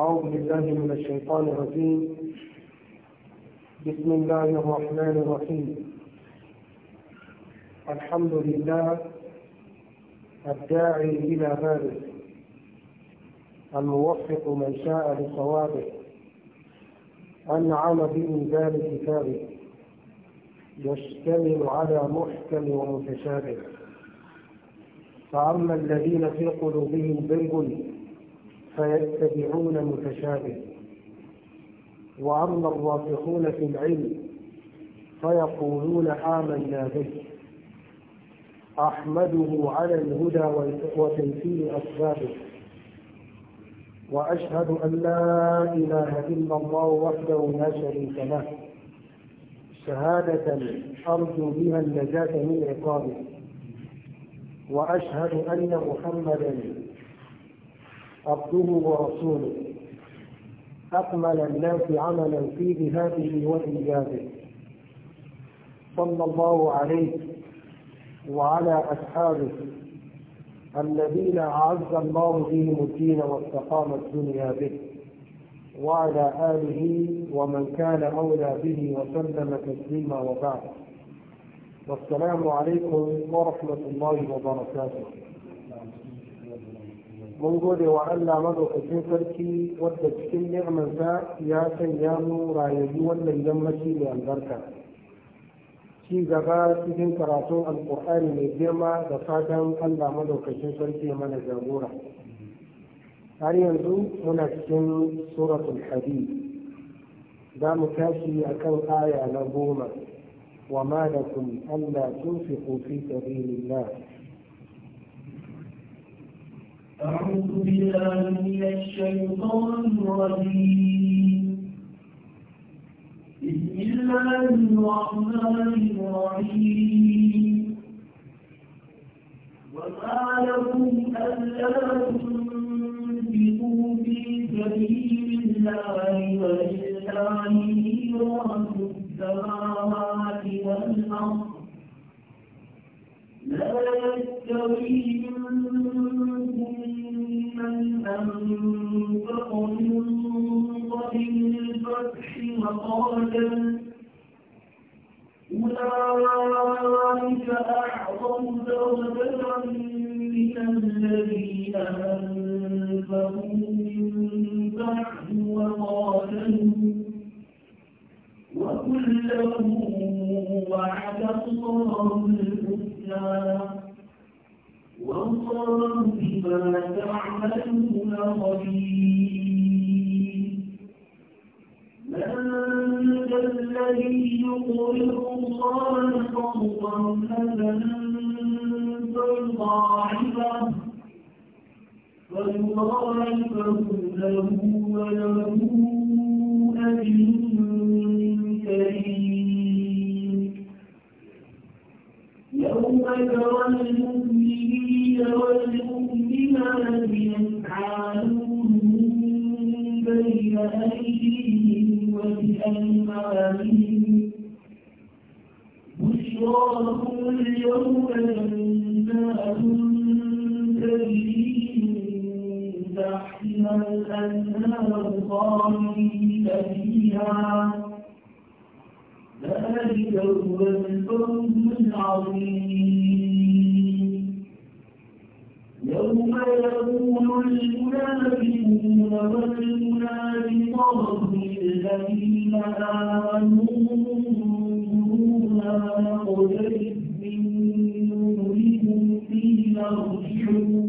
أعوذ بالله من الشيطان الرجيم بسم الله الرحمن الرحيم الحمد لله الداعي إلى بابه الموفق من شاء لصوابه أنعم بإنزال كتابه يشتمل على محكم ومتشابه فأما الذين في قلوبهم زيغ فيتبعون متشابه وأما الراسخون في العلم فيقولون آمنا به أحمده على الهدى وتنفيذ أسبابه وأشهد أن لا إله إلا الله وحده لا شريك له شهادة أرجو بها النجاة من عقابه وأشهد أن محمدا عبده ورسوله أكمل الناس عملا في ذهابه وإيجابه صلى الله عليه وعلى أصحابه الذين أعز الله بهم الدين واستقام الدنيا به وعلى آله ومن كان أولى به وسلم تسليما وبعد والسلام عليكم ورحمة الله وبركاته mun gode wa Allah madaukakin sarki wadda cikin ni'marsa ya sanya mu rayuwa wannan yammaci mai albarka ci gaba cikin karatun alkur'ani mai girma da fatan Allah madaukakin sarki mana jagora har yanzu muna cikin suratul hadid za mu tashi akan aya na goma wa ma allah alla tunfiqu fi sabilillah أعوذ بالله من الشيطان الرجيم بسم الله الرحمن الرحيم وما لكم ألا تنفقوا في سبيل الله ولله ميراث السماوات والأرض لا يستوي منكم أخاهم من الفتح وقاتل أولئك أعظم درجة من الذين أنفقوا من بعد وقاتلوا وكله وعد الله الحسنى والله بما تعملون خبير من الذي يقرض الله قرضا حسنا ضاعفه فيضاعفه له وله يوم ترى المؤمنين والمؤمنات يسعى نورهم بين أيديهم وبأيمانهم بشراكم اليوم جنات تجري تحتها الأنهار خالدين فيها ذلك هو الفوز العظيم يوم يقول المنافقون والمنافقات للذين آمنوا انظرونا نقترب من نورهم قيل ارجعوا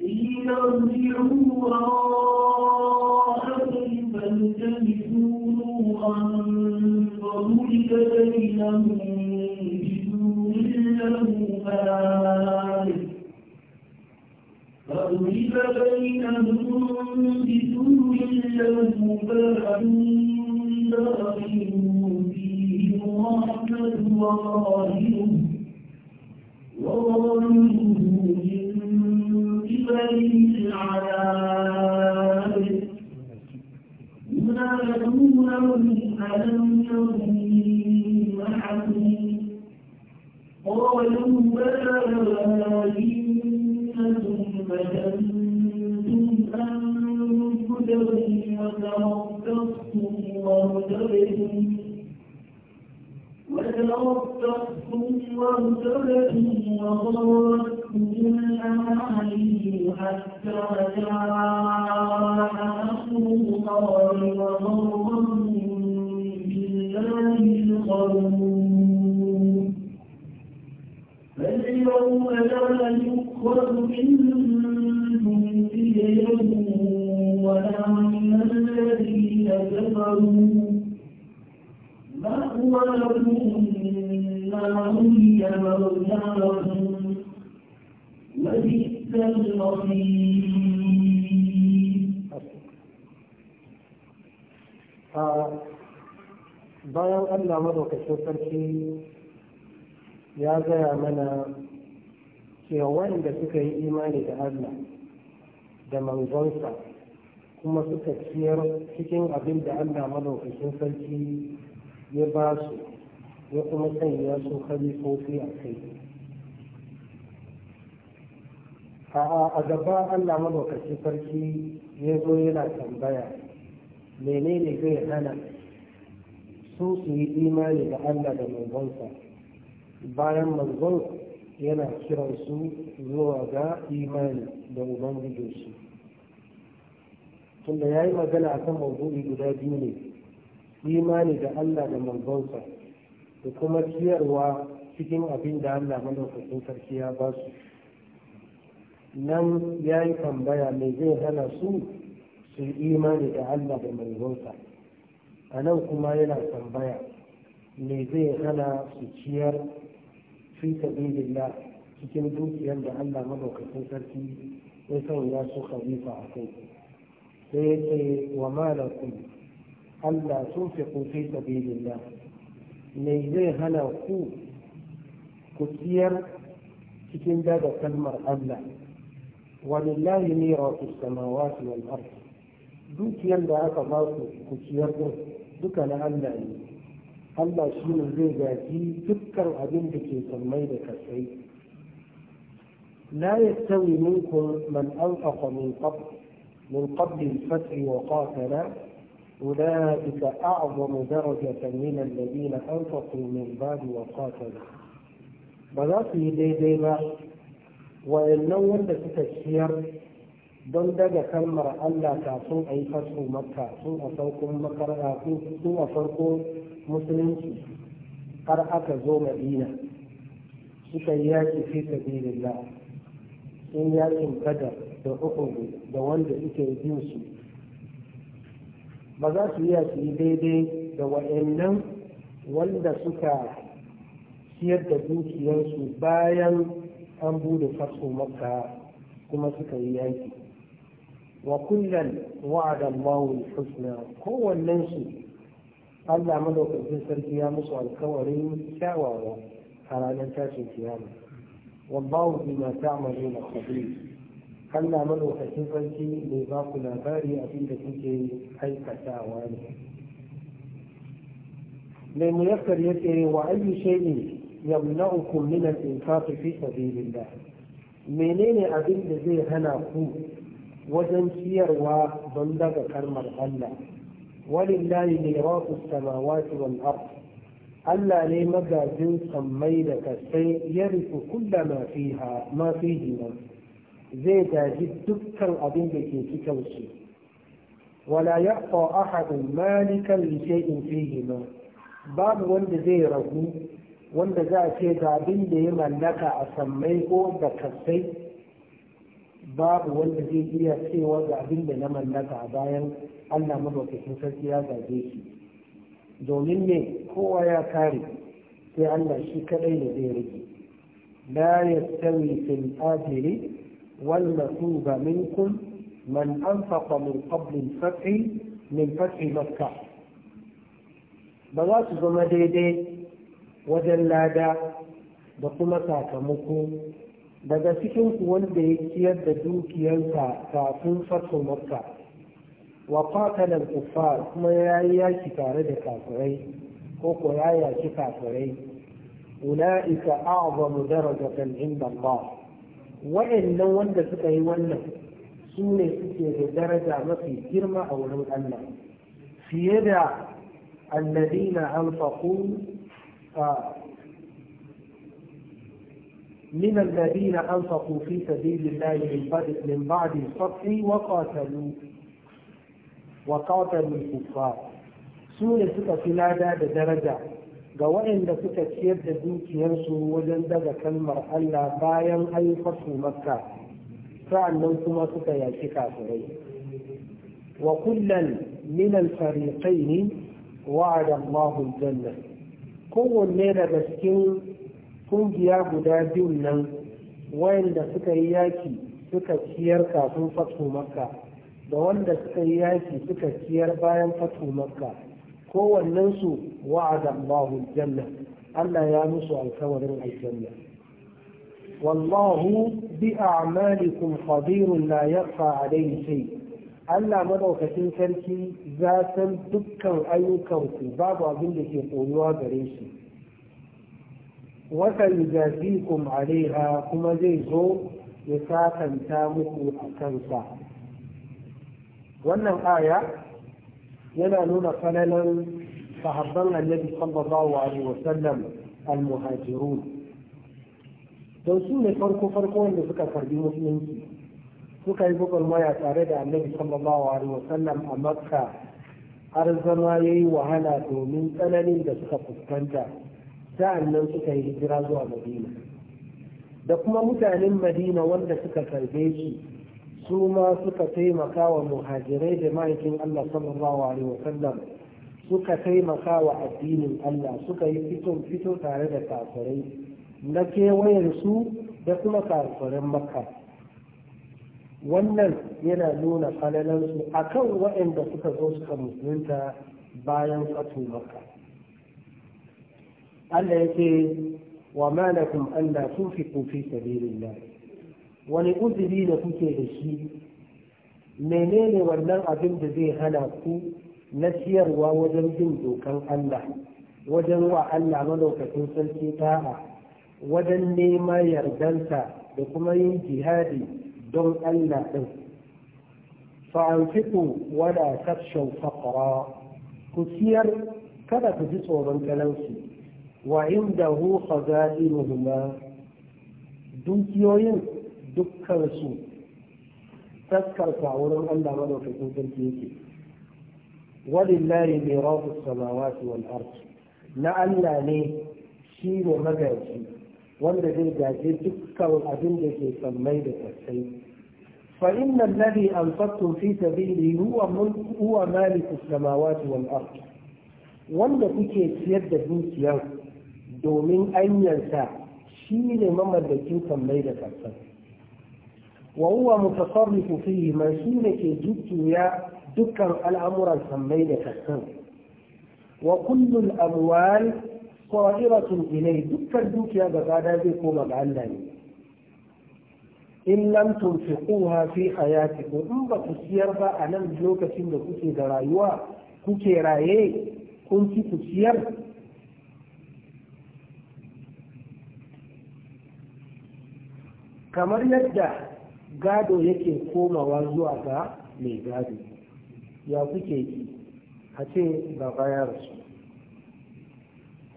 قيل ارجعوا وراءكم فالتمسوا نورا فأذهب بينهم بسور له باب داخل فيه رحمة وظاهره وظاهره من قبل العذاب ينادونهم قالوا بلى إنكم فتنتم أنفسكم وتربصتم وارتبتم وتربصتم وارتبتم وغرتكم الأماني حتى جاء أمر الله وغركم بالله الغرور فاليوم لا يؤخذ منهم منكم فدية وأما الذين كفروا مأواهم النار هي مولاهم وبئس المصير bayan Allah madaukakin sarki ya gaya mana cewa waɗanda suka yi imani da Allah da manzonsa kuma suka ciyar cikin abin da allah madaukakin sarki ya ba su ya kuma sanya su khalifofi a kai a gaba allah malaukacin sarki ya zo yana tambaya menene zai hana su su yi imani da allah da manzonsa bayan manzon yana kiransu zuwa ga imani da ubangijinsu tunda ya yi magana a kan guda biyu ne imani da allah da manzonsa da kuma ciyarwa cikin abin da allah madaukakin sarki ya ba su nan ya yi tambaya mai zai hana su su imani da allah da manzonsa a nan kuma yana tambaya mai zai hana su ciyar fi sabilillah cikin dukiyar da Allah madaukakin sarki ya sanya su khalifa a kai sai yake wa malakum Allah sun fi fi sabilillah me zai hana ku ku ciyar cikin daga kalmar Allah walillahi mirasu samawati wal ardh dukiyar da aka ba ku ku ciyar duka na Allah ne Allah shi ne zai gaji dukkan abin da ke sammai لا يستوي منكم من أنفق من قبل من قبل الفتح وقاتل أولئك أعظم درجة من الذين أنفقوا من بعد وقاتلوا بلاتي دي دي ما وإن نوان تتشير دون دقا كان مرأى الله أي فتح مكة تعصون أصوكم مكة رأى musulunci har aka zo madina suka yi yaki fi sabilillah sun yakin kada da uku da wanda suke biyu su ba za su iya su daidai da wa'annan wanda suka siyar da dukiyarsu bayan an bude faso maka kuma suka yi yaki wa kullum wa'ada husna kowannen su Allah madaukakin sarki ya musu alkawarin kyawawa a ranar tashin kiyama wallahu bima ta'maluna khabir Allah madaukakin sarki mai ba ku labari abin da kuke aikatawa ne mai muyakkar yake wa ayyu shay'in yamna'ukum min al-infaq fi sabilillah menene abin da zai hana ku wajen ciyarwa don daga karmar Allah walillahi miratu samawati wal ard Allah ne magajin sammai da kasai ya rufe kulla ma fiha ma zai gaji dukkan abin da ke cikin su wala yaqta ahadun malikan li shay'in fihi ma babu wanda zai ragu wanda za a ce ga abin da ya mallaka a sammai ko da kasai babu wanda zai iya cewa ga abin da na mallaka a bayan Allah madaukakin sarki ya gaje shi domin ne kowa ya kare sai Allah shi kadai ne zai rage la yastawi fil ajri wal masuba minkum man anfaqa min qabl al fath min fath makkah ba za su zama daidai wajen lada da kuma sakamako daga cikin ku wanda ya ciyar da dukiyarsa kafin fato makka wa qatalan kuffar kuma ya yi yaki tare da kafirai ko ko ya yaki kafirai ulaika a'zamu darajatan inda Allah wa'annan wanda suka yi wannan su ne suke da daraja mafi girma a wurin Allah fiye da alladina anfaqu من الذين أنفقوا في سبيل الله من بعد من بعد الفتح وقاتلوا وقاتلوا الكفار سورة ستة درجة ga waɗanda suka ciyar da dukiyarsu wajen daga kalmar Allah bayan an fasu makka sa'annan kuma suka yaki kafirai wa kullan min al-fariqayn wa'ada Allahu al-janna kowanne daga cikin kungiya guda biyun nan wayanda suka yi yaki suka ciyar kafin fatu makka da wanda suka yi yaki suka ciyar bayan fatu makka kowannensu wa'ada Allahu janna Allah ya musu alkawarin aljanna bi a'malikum na la yaqa alayhi shay Allah madaukakin sarki za san dukkan ayyukanku babu abin da ke koyuwa gare shi wata yujazikum alaiha kuma zai zo ya sakanta muku a kansa wannan aya yana nuna falalan sahabban annabi sallallahu alaihi al almuhajirun don su ne farko farko wanda suka karbi musulunci suka yi maya tare da annabi sallallahu alaihi sallam a makka har zama ya yi wahala domin tsananin da suka fuskanta sa'an nan suka yi hijira zuwa madina da kuma mutanen madina wanda suka karbe shi su ma suka taimaka wa muhajirai da ma'aikin allah sallallahu alaihi wa suka taimaka wa addinin allah suka yi fito fito tare da kafirai na kewayen su da kuma kafirin makka wannan yana nuna falalansu akan waɗanda suka zo suka musulunta bayan fatu makka Allah ce, wa malakum an la tunfiqu fi sabilillah wani uzuri da kuke da shi menene wannan abin da zai hana ku na ciyarwa wajen bin dokan Allah wajen wa Allah madaukakin sarki ta'a wajen neman yardanta da kuma yin jihadi don Allah ɗin. fa'amfiku wada tafshin faƙara ku ciyar kada ku ji tsoron talauci wa indahu khazainuhuma dukiyoyin dukkan su taskarsa wurin Allah madaukakin sarki yake walillahi mirasu samawati wal ard na Allah ne shi ne magaji wanda zai gaje dukkan abin da ke sammai da sassai فإن الذي أنفقتم في سبيله هو ملك هو مالك السماوات والأرض wanda kuke ciyar da dukiyar domin anyansa shi ne mamallakin kammai da ƙasar wa huwa mutasarrifu fihi man shi ne ke jujjuya dukkan al'amuran kammai da ƙasar wa kullul amwal qa'iratun ilai dukkan dukiya gaba da zai koma ga Allah ne in lam tunfiquha fi hayatikum in ba ku siyar ba a nan lokacin da kuke da rayuwa kuke raye kun ci ku siyar kamar yadda gado yake komawa zuwa ga mai gado ya kuke yi a ce baba ya rasu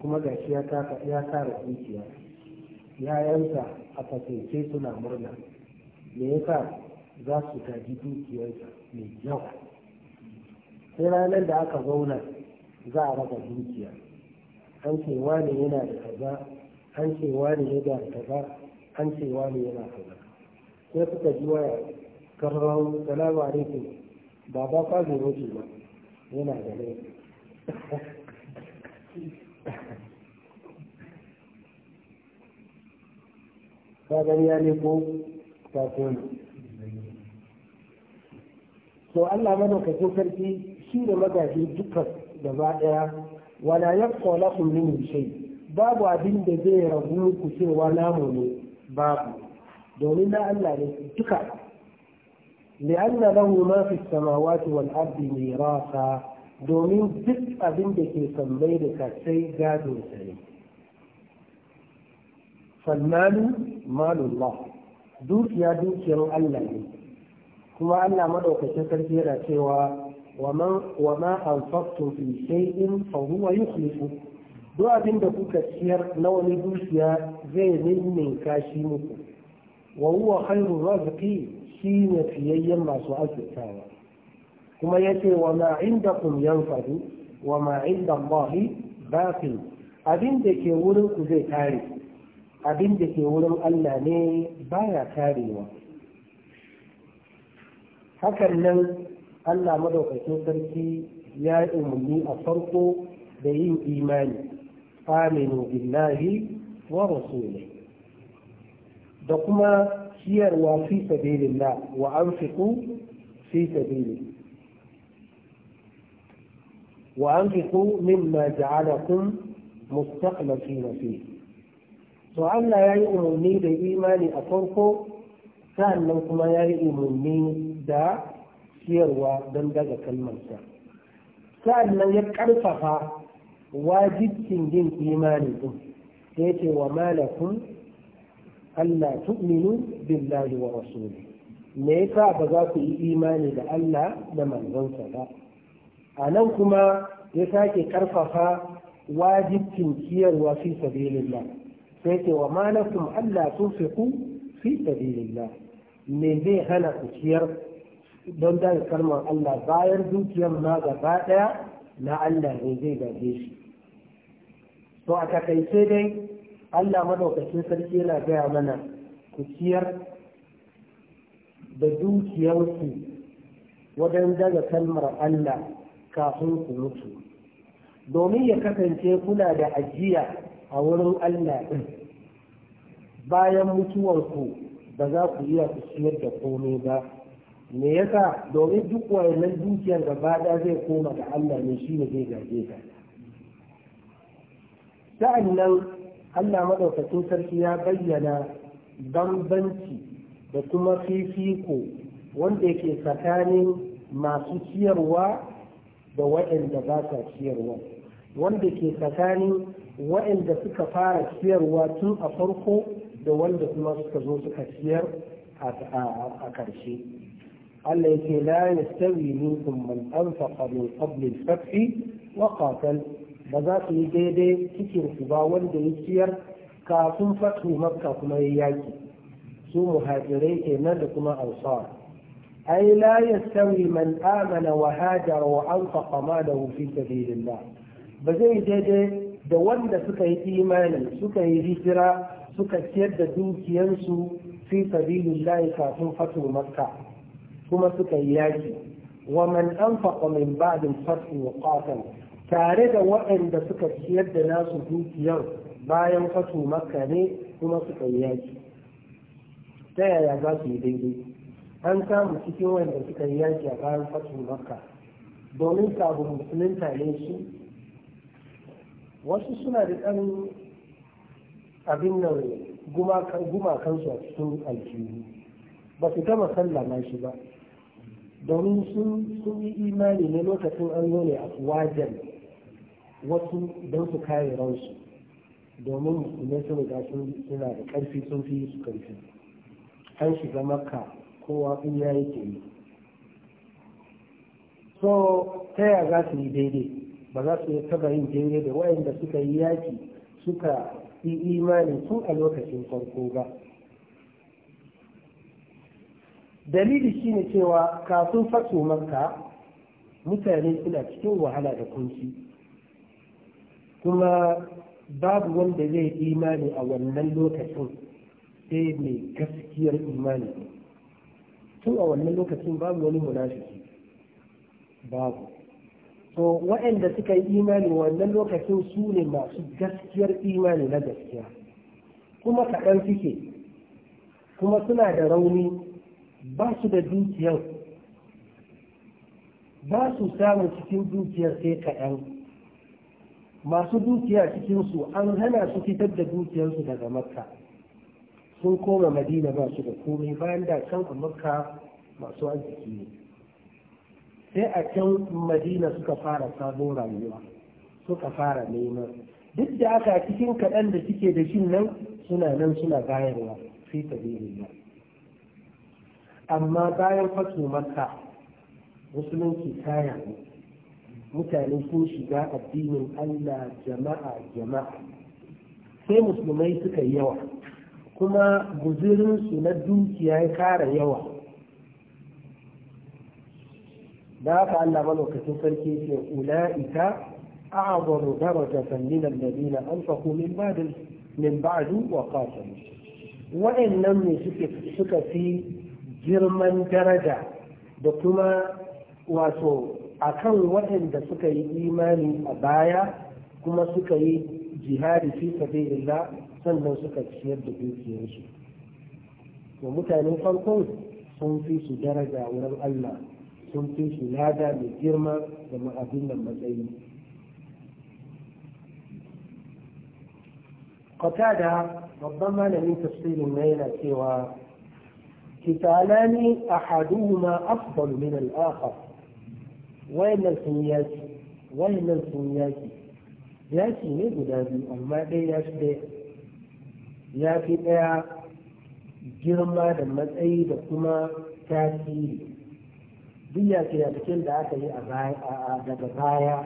kuma ga shi ya kara dukiya yayansa a fasance suna murna me yasa za su gaji dukiyarsa mai yawa sai ranar da aka zauna za a raba dukiya an ce wani yana da kaza an ce wani yana da kaza an ce wani yana kaza sai suka ji waya karrau salamu alaikum ba ka zo mutu ba yana da laifi ka gani ya ne ko ta koma to Allah ce sarki shi da magaji dukkan ba daya wala yaqulu lakum min shay babu abin da zai rabu ku cewa namu ne babu domin na Allah ne duka لأن له ما في السماوات والأرض ميراثا domin duk abin da ke sammai da kasai gado sai fannanu malullah dukiya dukiyar Allah ne kuma Allah madaukakin sarki yana cewa wa ma anfaqtum fi shay'in fa huwa yukhlifu duk abin da kuka ciyar na wani dukiya zai ninninka kashi muku wa huwa khairu razqi shi ne fiyayyen masu azurtawa kuma yace wa ma indakum yanfadu wa ma inda Allahi baqi abin da ke wurin ku zai kare abin da ke wurin Allah ne baya karewa hakan nan Allah madaukakin sarki ya umarni a farko da yin imani aminu billahi wa rasulihi da kuma ciyarwa fi sabilillah wa anfiqu fi sabili wa anfiqu mimma ja'alakum mustaqlifina fihi to Allah ya yi umarni da imani a farko sannan kuma ya yi umarni da siyarwa don daga kalmarsa sannan ya ƙarfafa. wajibcin yin imani din sai ce wa malakun Allah tu'minu billahi wa rasuli me yasa ba za ku yi imani da Allah da manzonsa ba a nan kuma ya sake karfafa wajibcin kiyarwa fi sabilillah sai ce wa malakum Allah tunfiqu fi sabilillah me zai hana ku ciyar don da kalmar Allah bayar dukiyar ma gaba daya na Allah ne zai gaje shi to a takaice dai Allah madaukakin sarki yana gaya mana ku ciyar da dukiyarku wajen daga kalmar Allah kafin ku mutu domin ya kasance kuna da ajiya a wurin Allah ɗin bayan mutuwarku ba za ku iya ku ciyar da komai ba me yasa domin duk wayannan dukiyar gaba ɗaya zai koma da Allah ne shi ne zai gaje ka sa'annan Allah maɗaukacin sarki ya bayyana bambanci da kuma fifiko wanda yake tsakanin masu ciyarwa da waɗanda ba sa ciyarwa wanda ke tsakanin waɗanda suka fara ciyarwa tun a farko da wanda kuma suka zo suka ciyar a ƙarshe Allah yake la yastawi minkum man anfaqa min qabli al-fath wa qatal ba za su yi daidai cikin ba wanda ya ciyar kafin fatu makka kuma ya yaki su muhajirai kenan da kuma ansar ai la yastawi man amana wa hajara wa anfaqa da fi sabilillah ba zai daidai da wanda suka yi imani suka yi hijira suka ciyar da dukiyansu fi sabilillah kafin fatu makka kuma suka yi yaki ومن أنفق من بعد wa وقاتل tare da waɗanda suka ciyar da nasu dukiyar bayan fato makka ne kuma suka yi yaki ta yaya za su yi daidai an samu cikin wanda suka yi yaki a bayan fato makka domin sabu musulunta ne su wasu suna da ɗan abin nan gumakansu a cikin aljihu ba su gama sallama shi ba domin sun yi imani ne lokacin an yi ne a wajen wasu don su kare ransu domin musulmai sun riga suna da ƙarfi sun fi su ƙarfi an shiga makka kowa in ya yi so ta yaya za su yi daidai ba za su taba yin daidai da waɗanda suka yi yaki suka yi imani tun a lokacin farko ba dalili shine cewa kafin faso makka mutane suna cikin wahala da kunci kuma babu wanda zai imani a wannan lokacin sai mai gaskiyar imani tun a wannan lokacin babu wani munafiki babu to waɗanda suka yi imani wannan lokacin su ne masu gaskiyar imani na gaskiya kuma kaɗan suke kuma suna da rauni ba su da dukiyar ba su samun cikin dukiyar sai kaɗan masu dukiya cikinsu an hana su fitar da dukiyarsu daga makka sun koma madina ba su da komai bayan da can a makka masu arziki ne sai a can madina suka fara sabon rayuwa suka fara nema duk da aka cikin kaɗan da suke da shi nan suna nan suna bayarwa fi sabilillah amma bayan fasu makka musulunci kaya mutane sun shiga addinin Allah jama'a jama'a sai musulmai suka yi yawa kuma guzurinsu na dukiya ya kara yawa da haka Allah malaukakin sarki ce ula'ika a'zamu darajatan min alladhina anfaqu min ba'd min Ba'adu, wa qatalu wa'annan ne suka fi girman daraja da kuma wato a kan waɗanda suka yi imani a baya kuma suka yi jihadi fi sabilillah sannan suka ciyar da dukiyarsu to mutanen farkon sun fi su daraja wurin Allah sun fi su lada mai girma da ma'abin nan matsayi قتادة ربما لم تفصيل ميلة سوى قتالان أحدهما أفضل من الآخر wayannan sun yaki sun yi yaki yaki ne guda biyu amma ɗaya ya fi ɗaya ya fi ɗaya girma da matsayi da kuma tasiri duk yaki da da aka yi daga baya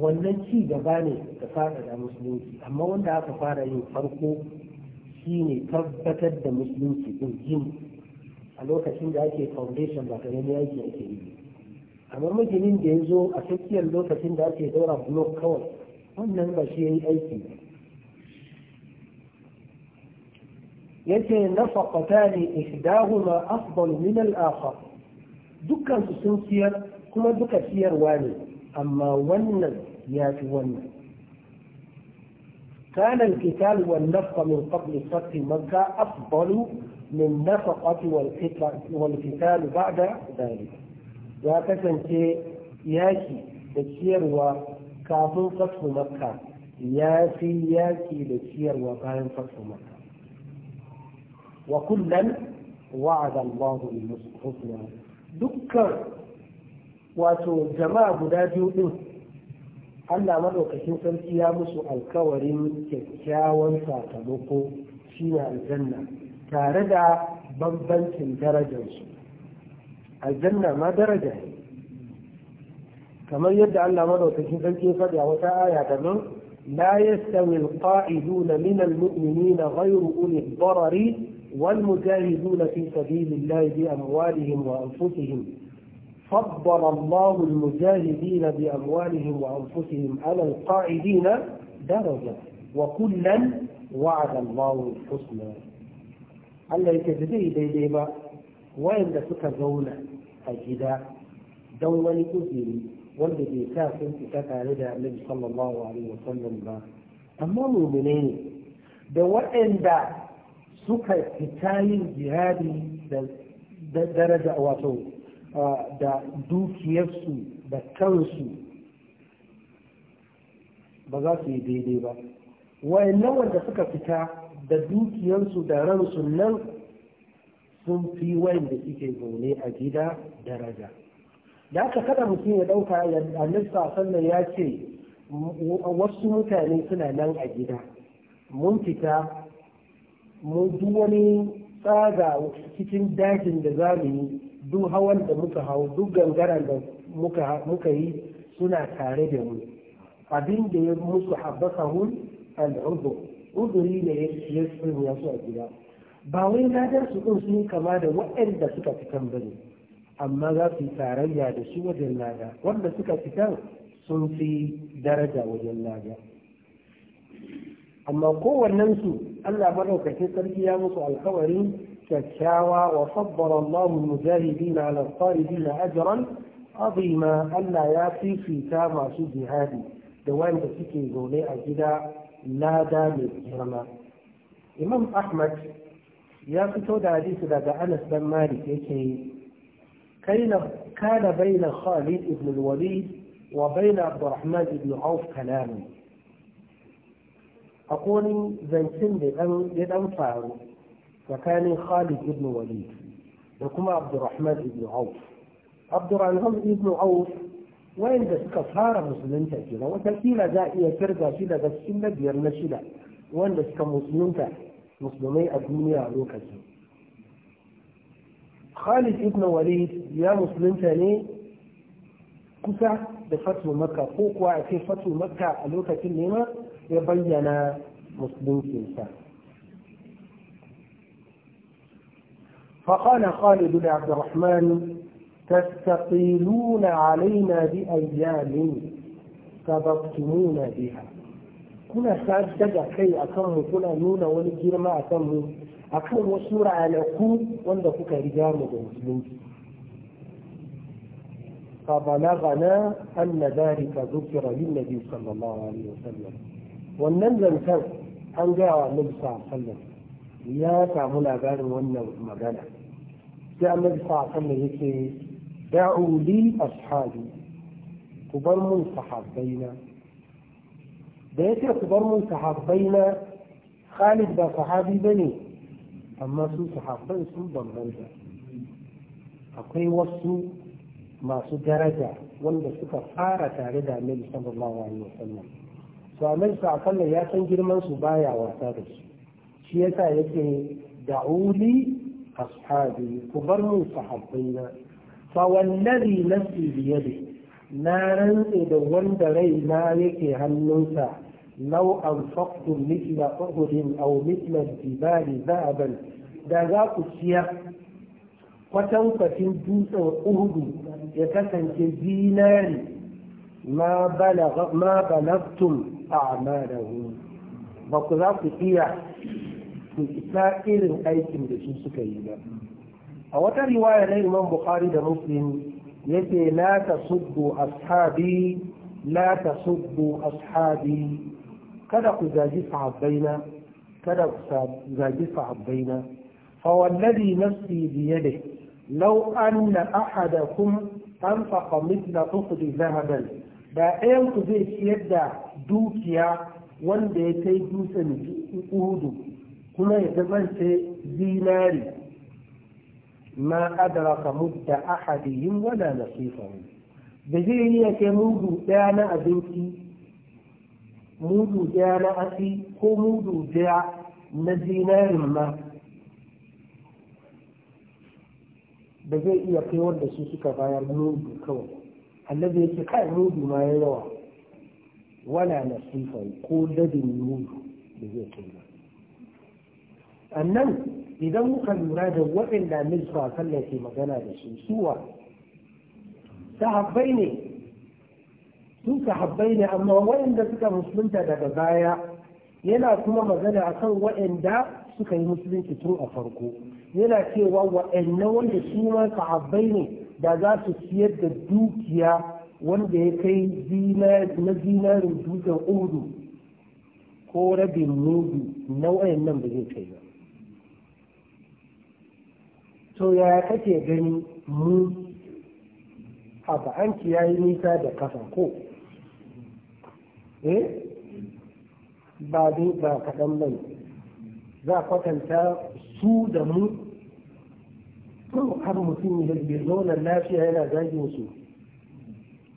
wannan ci gaba ne da fara da musulunci amma wanda aka fara yin farko shine tabbatar da musulunci din jini a lokacin da ake foundation ba karamin yaki ake yi amma maginin da ya zo a tsakiyar lokacin da ake daura blok kawai wannan ba shi ya yi aiki yace ihdahu ma afdal min al-akhar dukkan su sun siyar kuma duka siyarwa ne amma wannan ya fi wannan كان القتال والنفقة من قبل فتح مكة أفضل من نفقة والقتال بعد ذلك ya kasance yaki da ciyarwa kafin fatfu makka ya fi yaki da ciyarwa bayan fatfu makka wa kullum wa'ada Allahu husna dukkan wato jama'a guda biyu ɗin, Allah maɗaukacin sarki ya musu alkawarin kyakkyawan sakamako shi shine aljanna tare da bambancin darajarsu الجنة ما درجة كما يدعى الله مرة تشوفن كيف يدعى وتا تمام لا يستوي القائدون من المؤمنين غير أولي الضرر والمجاهدون في سبيل الله بأموالهم وأنفسهم فضل الله المجاهدين بأموالهم وأنفسهم على القائدين درجة وكلا وعد الله الحسنى الله يكذبه ديما دي wayanda suka zauna a gida don wani uzuri wanda bai sa sun fita tare da annabi sallallahu alaihi wasallam ba amma mumune ne da waɗanda suka fita yin jihadi da daraja wato da dukiyarsu da kansu ba za su yi daidai ba wayannan wanda suka fita da dukiyarsu da ransu nan sun fi wanda suke zaune a gida daraja da aka kada mutum ya ɗauka annabi sallallahu ya ce wasu mutane suna nan a gida mun fita mun wani tsaga cikin dajin da za mu yi duk hawan da muka hau duk gangaren da muka yi suna tare da mu abin da ya musu habbasa hun al'udu uzuri ne ya sun yasu a gida ba wai ladan su ɗin sun kama da waɗanda suka fitan ba ne amma za su yi tarayya da shi wajen lada wanda suka fitan sun fi daraja wajen lada amma su allah maɗaukacin sarki ya musu alkawari kyakkyawa wa sabbara allahu mujahidina ala na ajran azima allah ya fifita masu jihadi da wanda suke zaune a gida lada mai girma imam ahmad ya fito da hadisi daga Anas dan Malik yake kaina kana baina Khalid ibn al-Walid wa baina Abdurrahman ibn Auf kalamu akwai zancin da ya dan faru tsakanin Khalid ibn Walid da kuma Abdurrahman ibn Auf Abdurrahman ibn Auf wayanda suka fara musulunta kenan wata kila za a iya kirga shi daga cikin na biyar na shida wanda suka musulunta مسلمي الدنيا عروك خالد ابن وليد يا مسلم تاني كسا بفتح مكة فوق وعكي فتح مكة الوكة كلمة يبين مسلم كنسا فقال خالد بن عبد الرحمن تستقيلون علينا بأيام تبطنون بها kuna ta daga kai a kanmu kuna ما wani girma سورة على a kan wasu ranaku wanda kuka فبلغنا أن ذلك ذكر للنبي صلى الله عليه وسلم والنزل كان أن جاء النبي صلى الله عليه وسلم يا تعمل أبان ون مدنة جاء النبي صلى الله عليه وسلم يقول دعوا لي أصحابي كبر من صحابينا da ya ce ku bar mun sahabbai na khalid ba sahabi ba ne amma su sahabbai sun bambanta akwai wasu masu daraja wanda suka fara tare da annabi sallallahu alaihi wasallam to annabi sallallahu ya san girman su baya wasa da su shi yasa yake da'uli ashabi ku bar mun sahabbai na fa wallazi nafsi na rantse da wanda raina yake hannunsa lau an faktu mitla uhudin au mitla jibali za'aban da za ku ciyar kwatin dutsen uhudu ya kasance zinari ma balagtum a'malahu ba ku za ku iya ku isa irin aikin da su suka yi ba a wata riwaya na imam bukhari da muslim yake la tasuddu ashabi la tasuddu ashabi kada ku zagi sahabbaina kada ku zagi sahabbaina fa wallazi nafsi bi yadihi law anna ahadakum anfaqa mithla ukhdi dhahaban da ɗayan ku zai ciyar da dukiya wanda ya kai dutsen uhudu kuma ya zama zinari ما أدرك مد أحدهم ولا نصيفهم بزيني يتمود دانا أبنتي مود دانا أسي هو مود دع نزينار ما بزي يقيون بسوسك غير مود كون الذي يتكاء مود ما يروى ولا نصيفهم قول لدي مود بزي كلمة أنه idan muka lura da waɗanda annabi sallallahu ke magana da su suwa sahabbai ne sun sahabbai ne amma waɗanda suka musulunta daga baya yana kuma magana akan waɗanda suka yi musulunci tun a farko yana cewa waɗanda wanda su ma sahabbai ne da za su siyar da dukiya wanda ya kai na zinarin dutsen udu ko rabin mudu na waɗannan ba zai kai ba to ya kake gani mu a an ya yi nisa da kafa ko eh ba dai ba kaɗan bane za kwatanta su da mu har mutum da bai zauna lafiya yana zagin su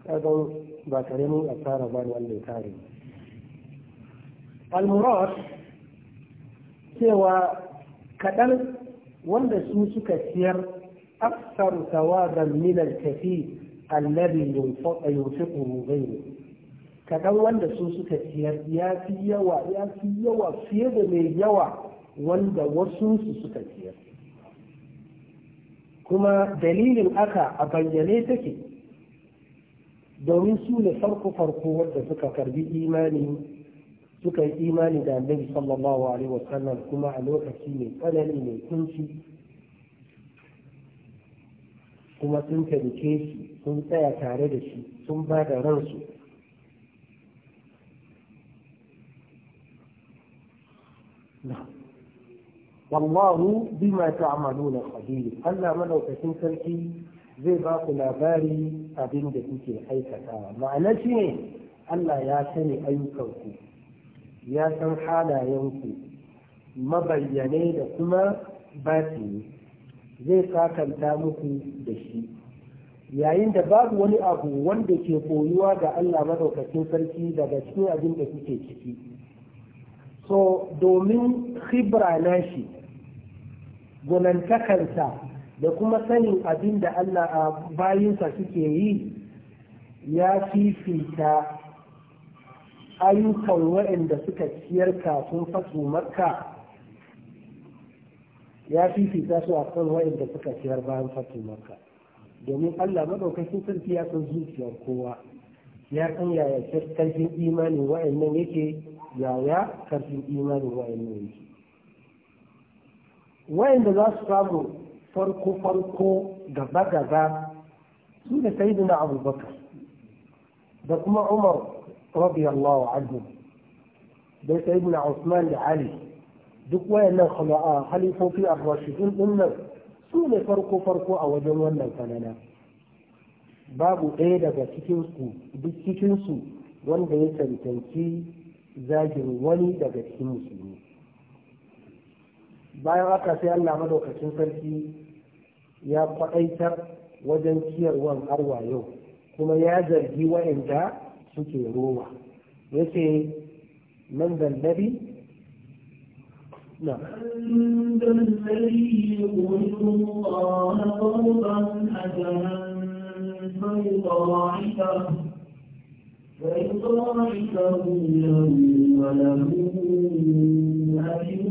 kagan ba karamin asara ba ne wanda ya kare al-murad cewa kaɗan wanda su suka siyar aksaru tawadan min al-kafi alladhi yunfiqu ghayru kadan wanda su suka siyar ya fi yawa ya fi yawa fiye da mai yawa wanda wasu su suka siyar kuma dalilin aka a bayyane take domin su ne farko farko wanda suka karbi imani suka yi imani da annabi sallallahu alaihi wa kuma a lokaci mai tsanani mai kunci kuma sun tarike shi sun tsaya tare da shi sun ba da ransu wallahu bima ta'maluna qadir Allah maɗaukacin sarki zai ba ku labari abin da kuke aikata ma'ana shine Allah ya sani ayyukanku ya san halayenku mabayyane da kuma batini zai sakanta muku da shi yayin da babu wani abu wanda ke koyuwa ga Allah madaukakin sarki daga cikin abin da kuke ciki so domin khibra nashi gunantakarsa da kuma sanin abin da Allah a bayinsa suke yi ya fifita ayyukan waɗanda suka ciyar kafin fasu makka ya fifita su a kan waɗanda suka ciyar bayan fasu makka domin allah maɗaukakin sarki ya san zuciyar kowa ya san yaya karfin imanin waɗannan yake yaya karfin imanin waɗannan yake waɗanda za su samu farko farko gaba gaba su da sayyidina abubakar da kuma umar رضي الله عنه da sayyidina Usman da Ali duk wayannan khula'a ah, halifofi ar-rashidun dinnan su ne farko farko a wajen wannan sanana babu ɗaya daga cikin su wanda ya cancanci zagin wani daga cikin musulmi bayan haka sai Allah madaukakin sarki ya kwaɗaitar wajen ciyarwan arwa yau kuma ya zargi wayanda suke roma yace man da nabi نعم من ذا الذي يقول الله قربا حسنا فيضاعفه فيضاعفه له وله أجر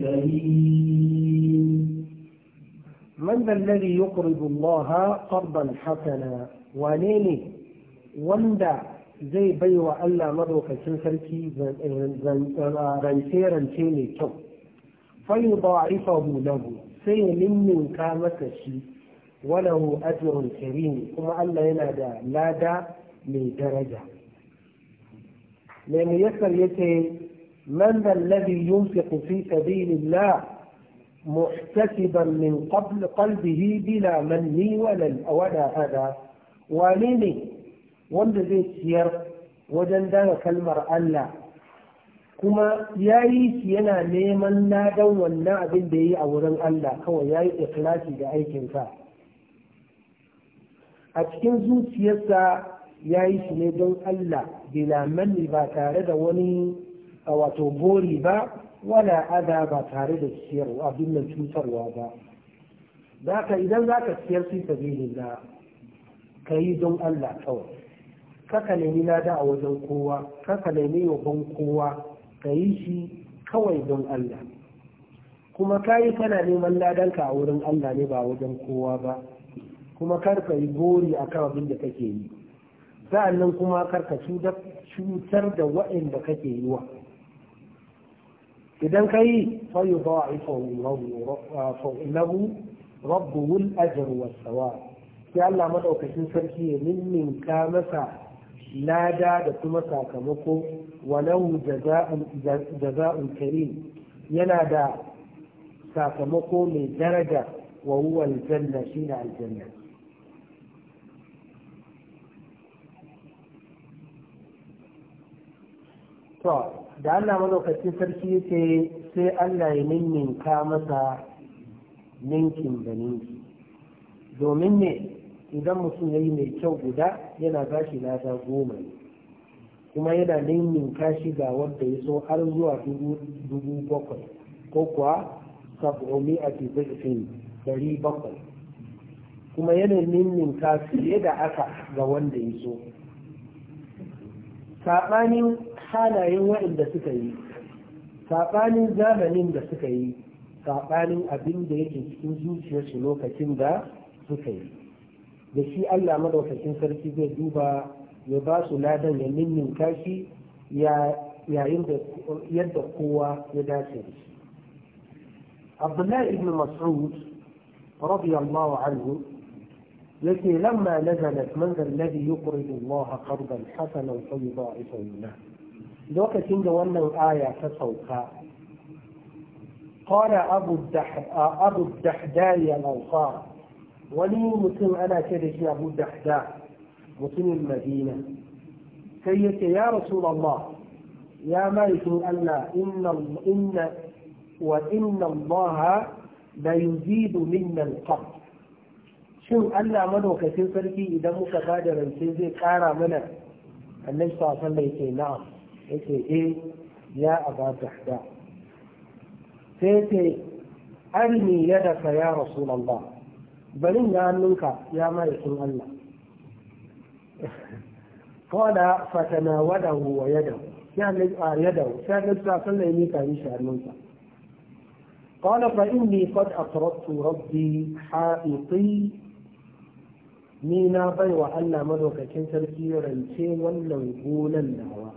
كريم من ذا الذي يقرض الله قرضا حسنا ونيني wanda zai baiwa Allah madaukakin sarki rance-rance mai kyau fayu ba a ifa lahu sai ya ninninka masa shi walahu ajrun karim kuma Allah yana da lada mai daraja mai muyassar yace man da alladhi yunfiqu fi sabilillah محتسبا من قبل قلبه بلا مني ولا ولا هذا ولني wanda zai siyar wajen daga kalmar Allah kuma ya yi shi yana neman ladan wannan abin da ya yi a wurin Allah kawai ya yi ikilashi da aikinsa a cikin zuciyarsa ya yi shi ne don Allah bila manni ba tare da wani wato bori ba wala ada ba tare da siyar abin nan cutarwa ba da ka, idan za ka siyar fi sabilillah ka yi don Allah kawai kaka nemi lada a wajen kowa kaka nemi yabon kowa ka yi shi kawai don Allah kuma ka yi kana neman ladanka a wurin Allah ne ba wajen kowa ba kuma kar yi gori a kan abin da kake yi sa'annan kuma kar ka cutar da waɗanda kake yi wa idan ka yi fayu ba a ifahu rabbu wul was wasuwa, sai Allah maɗaukacin sarki ya ninninka masa lada da kuma sakamako walau jaza'un karim yana da sakamako mai daraja wa huwa shi shine aljanna to da Allah madaukakin sarki yake sai Allah ya ninninka masa ninkin da domin ne idan mutum ya yi mai kyau guda yana ba shi lada goma ne kuma yana nemin kashi ga wanda ya so har zuwa dubu bakwai ko kuwa sab'omi a tibirin dari bakwai kuma yana nemin kashi fiye da aka ga wanda ya so saɓanin halayen waɗanda suka yi saɓanin zamanin da suka yi saɓanin abin da yake cikin zuciyarsu lokacin da suka yi da shi Allah madaukakin sarki zai duba ya ba su ladan ya ninninka shi yayin da yadda kowa ya dace da shi Abdullahi ibn Mas'ud radiyallahu anhu yake lamma nazalat man zal ladhi yuqridu Allah qardan hasanan fa yudha'ifu lahu lokacin da wannan aya ta sauka قال أبو الدحداء الأنصار wani mutum ana ce da shi abu dahda mutumin madina sai yace ya rasulullah ya ma'aikin allah inna wa inna allah la yuzidu minna al shin Allah madaukakin sarki idan muka bada rance zai kara mana annabi sallallahu alaihi yake na'am yake eh ya aba tahda sai ce arni yadaka ya rasulullah barin ya hannunka ya sun Allah koda fatana wadahu wa yadahu ya yadahu sai ga sa sallah ya mika mishi hannunsa قال فإني قد أقرضت ربي حائطي ni na bai wa Allah madaukakin sarki rance wannan gonan nawa.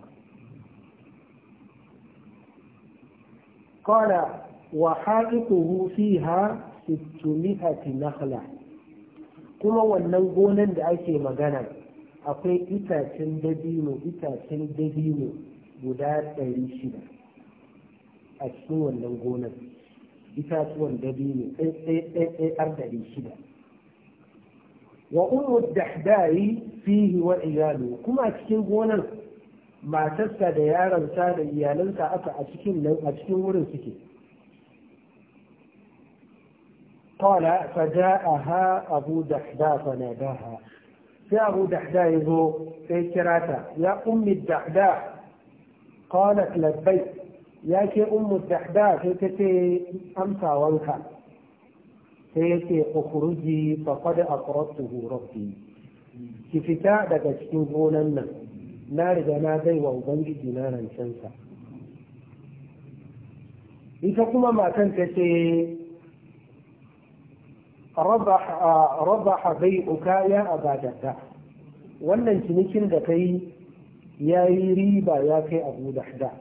Kala wa haɗuku fiha sittumihati nahla kuma wannan gonan da ake magana akwai itacen dabino itacen dabino guda ɗari shida a cikin wannan gonan itatuwan dabino ɗaiɗaiɗaiɗar ɗari shida wa umu dahdari fihi wa iyalu kuma cikin gonan matarsa da yaronsa da iyalansa aka a cikin nan a cikin wurin suke قال فجاءها أبو دحدا فناداها يا أبو دحدا يزو في كراتا يا أم الدحدا قالت لبيك يا كي أم الدحدا في كتي أمسى وانكا كي أخرجي فقد أقرضته ربي كفتا daga cikin gonan nan na riga na bai wa ubangiji na rancensa ربح ربح بيعك يا أبا wannan cinikin da kai ya yi riba ya kai abu da hada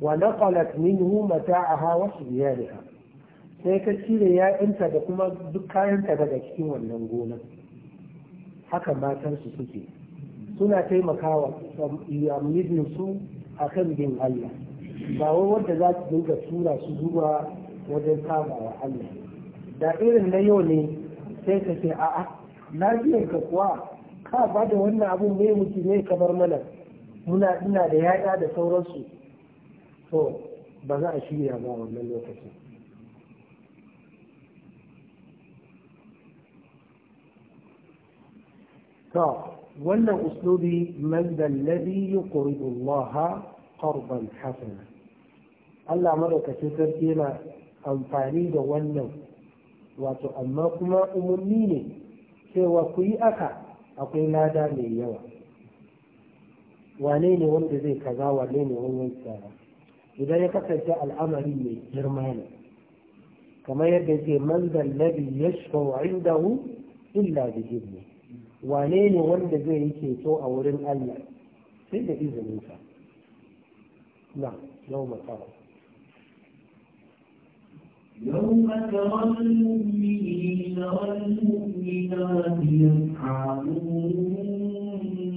wa naqalat minhu mata'aha wa sibiyaniha sai ka cire ya'yanta da kuma duk kayanta daga cikin wannan gonan haka matan su suke suna taimakawa mijin su kan bin Allah ba wanda za su dinga tura su zuwa wajen kamawa Allah da irin na yau ne sai ka ce a'a na biyan ka kuwa ka ba da wannan abun mai mutu ne kamar mana muna ina da yaya da sauransu to ba za a shirya ba wannan lokacin to wannan uslubi man da ladhi yuqridu Allah qardan hasana Allah madaukakin sarki yana amfani da wannan wato amma kuma umarni ne cewa ku yi aka akwai lada mai yawa wane ne wanda zai kaza wane ne wannan tsara idan ya kasance al'amari mai girma ne kamar yadda ce man zallabi ya shafa indahu illa da jirgin wane ne wanda zai yi ceto a wurin allah sai da izininsa na yau matsara يوم ترى المؤمنين والمؤمنات يسعدون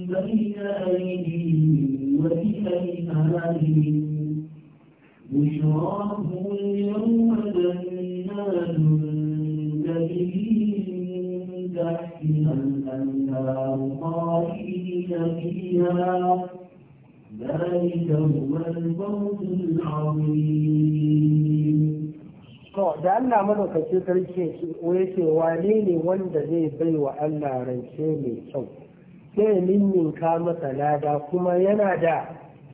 بين أيديهم وبأيمانهم بشراهم اليوم جنات تجري من تحتها الأنهار خالدين فيها ذلك هو الفوز العظيم To, da Allah madaukaci sarki ya ce wane ne wanda zai bai wa Allah rance mai kyau, sai ninninka masa lada kuma yana da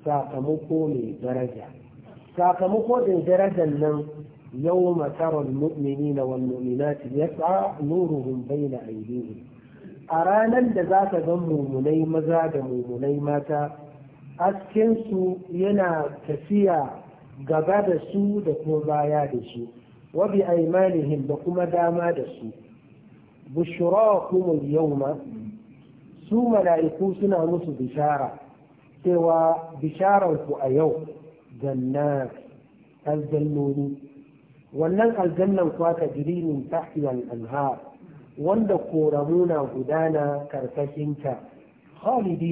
sakamako mai daraja. Sakamako da darajar nan yau mataron mu'mini na wannan ya tsa nuruhun bai na ainihi. A ranar da za ka gan mummunai maza da mummunai mata, askinsu yana tafiya gaba da su da kuma baya da shi. wabi bi da kuma dama da su bushrakum yau ma. su mala'iku suna musu bishara cewa bisharar ku a yau jannat aljannoni wannan aljannan kwata ta jirinin tahiyar anhar wanda koramu na gudana karkashinta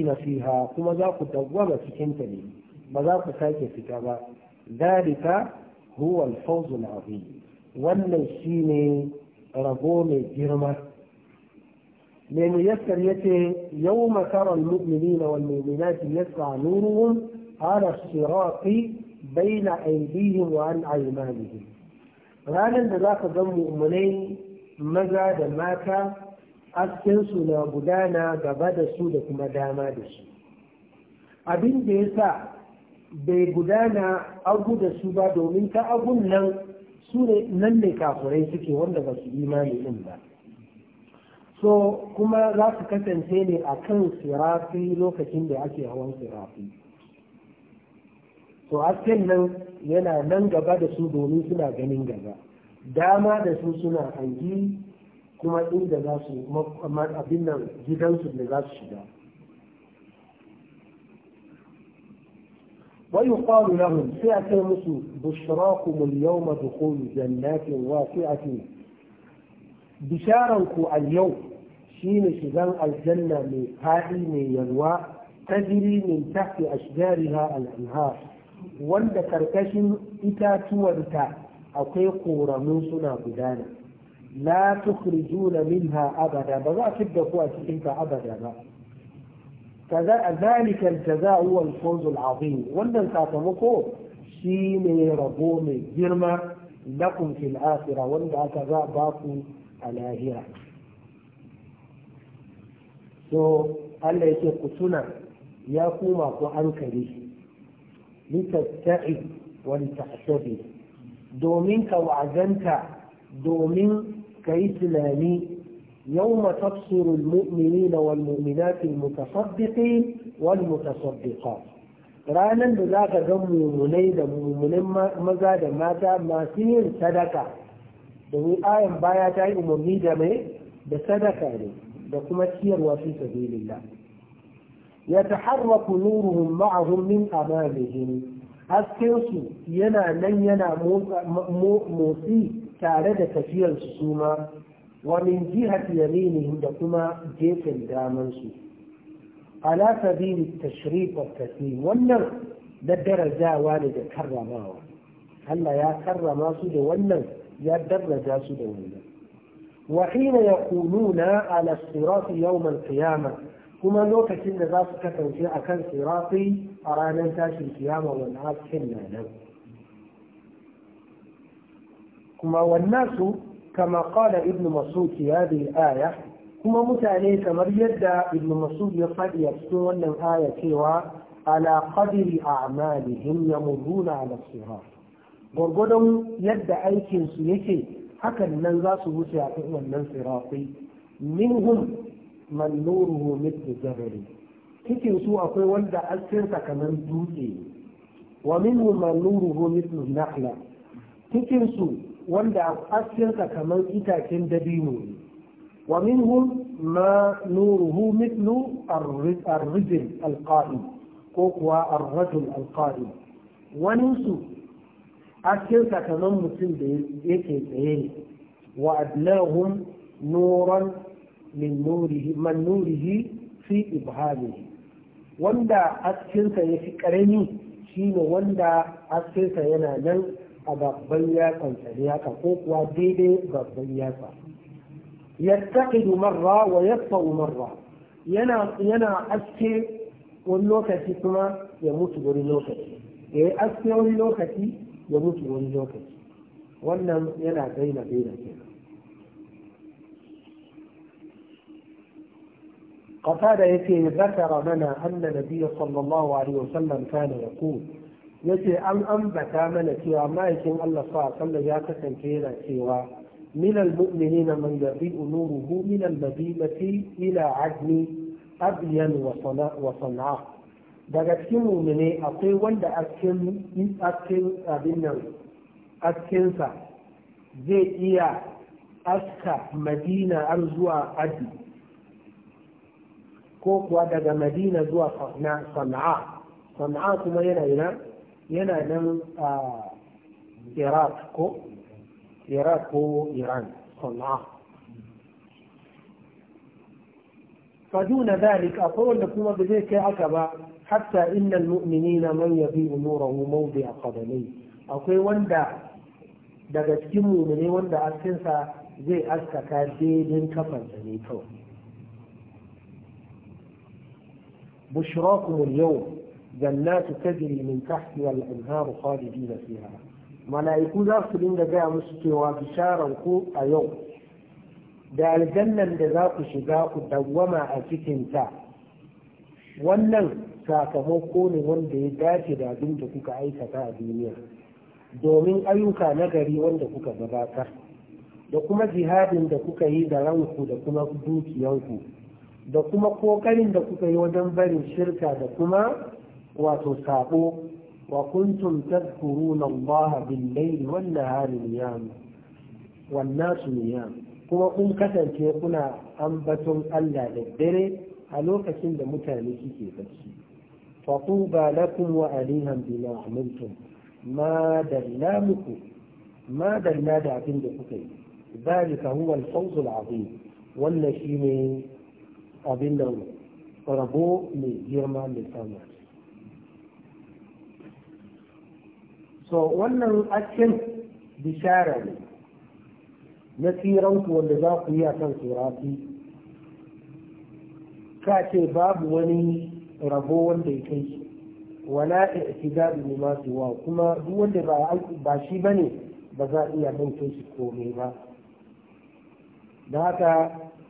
na fiha kuma za ku dawwama cikinta ne ba za ku sake fita ba dalika huwa alfawzul azim wannan shi ne rago mai girma mai ya ce yau makarar mu'mini na wani mu'minati yasa nuruhun ala sirati baina aidihim wa an aymanihim ranar da za ka ga mu'minai maza da mata askinsu na gudana gaba da su da kuma dama da su abin da ya sa bai gudana agu da su ba domin ta agun nan su ne nan ne kafurai suke wanda ba su imani din ba so kuma za su kasance ne a kan sirafi lokacin da ake hawan sirafi to hasken nan yana nan gaba da su domin suna ganin gaba dama da su suna hangi kuma inda za su abin nan gidansu da za su shiga ويقال لهم سعة المسلم بشراكم اليوم دخول جنات واسعة بشاركوا اليوم شين شغل الجنة من فائل من يلوى تجري من تحت أشجارها الأنهار وند كركشن إتا تورتا أو كي قور بدانا لا تخرجون منها أبدا بذا كده هو أبدا بقى. A zalikan ذلك الجزاء هو a العظيم wannan sakamako shi ne rabo mai girma lakum fil akhira wanda aka za ba ku a lahira so Allah yake ku tuna ya kuma ku hankali litatta'i wa litahsabi domin ka wa'azanta domin ka yi tunani يوم تبصر المؤمنين والمؤمنات المتصدقين والمتصدقات ranar da za ka ga mummunai da mummunin maza da mata masu yin sadaka domin ayan baya ta yi umarni da mai da sadaka ne da kuma ciyarwa fi sabilillah ya taharraku nuruhum ma'ahum min amamihim hasken su yana nan yana motsi tare da tafiyarsu su suma. ومن جهة يمينهم لكما جيت الدامنس على سبيل التشريف والتسليم ونر لدرجة والد كرماه هل يا كرما سود والنر يا درجة والنر وحين يقولون على الصراط يوم القيامة كما نوتا كنا ذاس كتن في أكن صراطي أرانا تاشي القيامة والناس كنا نو كما والناس كما قال ابن مسعود في هذه الآية كما متعني كما يدى ابن مسعود يقال يكسون الآية كيوا على قدر أعمالهم يمرون على الصراط قرقدهم يدى أي كنسيتي حكى النزاة سبوتي أعطوه من صراطي منهم من نوره مثل زبري كيكي سوء أقوى ولد أسرت كمن دوتي ومنهم من نوره مثل النحلة كيكي سوء wanda askinsa kamar itacen dabino ne wa minhum ma nuruhu mithlu ar-rijl al-qa'im ko kuwa ar-rajul al-qa'im wani su askinsa kamar mutum da yake tsaye ne wa adlahum nuran min nurihi man nurihi fi ibhamihi wanda askinsa ya fi karami shine wanda askinsa yana nan a babban yatsan ne haka ko kuwa daidai babban yatsa yattaqidu marra wa yasfa'u marra yana yana aske wani lokaci kuma ya mutu wani lokaci ya eh, yi aske wani lokaci ya mutu wani lokaci wannan yana daina daina kenan قتادة يتي ذكر لنا أن النبي صلى الله عليه وسلم كان يقول yace an ambata mana cewa ma'aikin Allah sa sallan ya kasance yana cewa من المؤمنين من يضيء نوره من المدينة إلى عدن أبين وصنعاء daga cikin mumine akwai wanda askinsa zai iya aska madina har zuwa adi ko kuwa daga madina zuwa sana'a sana'a kuma yana yana Yana nan a Iraq ko Iran, Kola. Kaduna da rika kowanne kuma bai je kai aka ba, hatta innan numina manya biyu mun rahu maudu a akwai wanda daga cikin mummunewar da askinsa zai askaka je don ne kawai. Bushra ku yau. جنات تجري من تحتها الأنهار خالدين فيها mala'iku za su dinga gaya musu cewa bisharar ku a yau da aljannan da za ku shiga ku dawwama a cikinta wannan sakamako ne wanda ya dace da abin da kuka aikata a duniya domin ayyuka na gari wanda kuka gabatar da kuma jihadin da kuka yi da ranku da kuma dukiyanku da kuma kokarin da kuka yi wajen barin shirka da kuma wato sabo wa kuntum tadhkuruna Allah bil layli wan nahari niyam wan nasu niyam kuma kun kasance kuna ambaton Allah da dare a lokacin da mutane suke bacci fatuba lakum wa alihan bima amiltum ma dalla muku ma dalla da abin da kuka yi zalika huwa al-fawz al-azim wannan shine abin da rabo mai girma mai samu so wannan akin bishara ne na tsiranku wanda za ku yi a kan surafi ka ce babu wani rabo wanda ya kai shi wala i'tidadu ne masu wa kuma duk wanda ba ba shi bane ba za iya bin kai shi komai ba da haka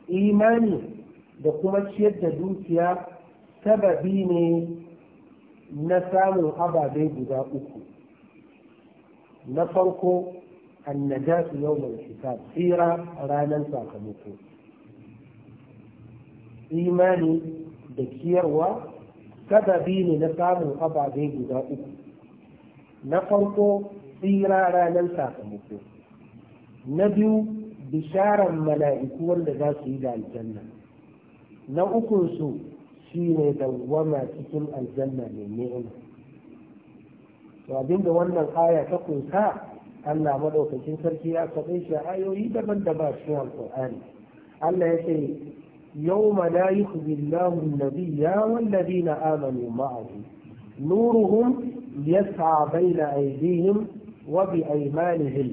imani da kuma ciyar da dukiya sababi ne na samun ababe guda uku na farko yau mai hisab tsira ranar sakamako imani da kiyarwa sababi ne na samun ababe guda uku na farko tsira ranar sakamako na biyu bisharar mala'iku wanda za su yi da aljanna na ukunsu shi ne dawwama cikin aljanna mai ni'ima to abinda wannan aya ta kunsa Allah madaukakin sarki ya faɗe shi ayoyi daban-daban cikin alƙur'ani Allah ya ce يوم لا يخزي الله النبي والذين آمنوا معه نورهم يسعى بين أيديهم وبأيمانهم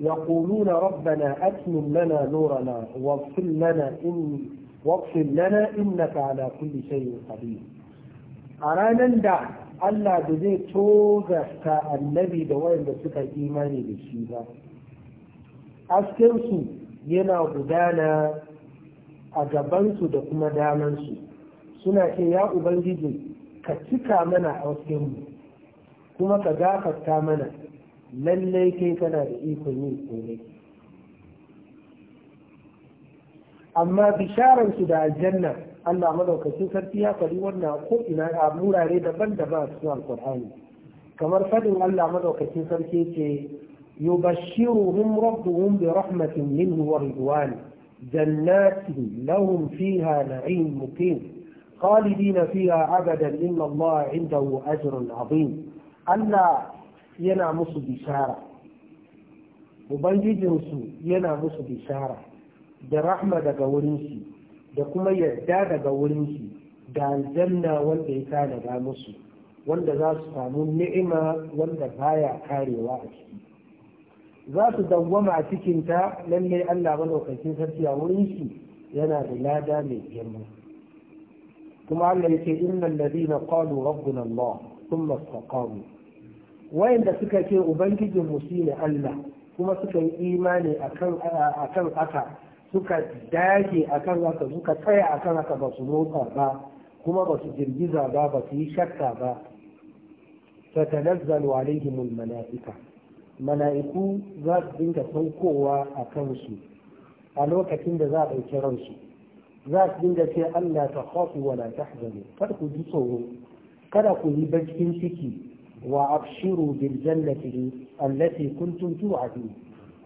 يقولون ربنا أتمم لنا نورنا واغفر لنا إن واغفر لنا إنك على كل شيء قدير أرانا دع Allah da zai ta annabi da wayanda suka imani da shi ba askensu yana gudana a gabansu da kuma damansu suna ce ya ubangiji ka cika mana a mu kuma ka gafarta mana lallai kai kana da ikon yin komai amma bisharansu da aljanna Allah madaukakin sarki ya faɗi wannan ko ina a wurare daban-daban a cikin alkur'ani kamar faɗin Allah madaukakin sarki ce yubashshiruhum rabbuhum bi rahmatin minhu wa ridwan jannatin lahum fiha na'im muqim khalidina fiha abadan inna Allah indahu ajrun azim Allah yana musu bishara ubangijinsu yana musu bishara da rahma daga wurin shi da kuma yarda daga wurin shi da aljanna wanda ya tanada musu wanda za su samu ni'ima wanda baya karewa a ciki za su dawwama a ta lallai Allah madaukakin sarki a wurin shi yana da lada mai girma kuma Allah yake inna alladhina qalu rabbuna Allah thumma istaqamu wayanda suka ce ubangijin mu shine Allah kuma suka yi imani akan akan aka suka dage akan haka suka tsaya akan haka ba su motsa ba kuma ba su girgiza ba ba su yi shakka ba ta tanazzalu alaihim mala'ika mala'iku za su dinga saukowa a kansu a lokacin da za a ɗauki ransu za su dinga ce Allah ta khafu wa la tahzanu kada ku ji tsoro kada ku yi bakin ciki wa abshiru bil jannati allati kuntum tu'adun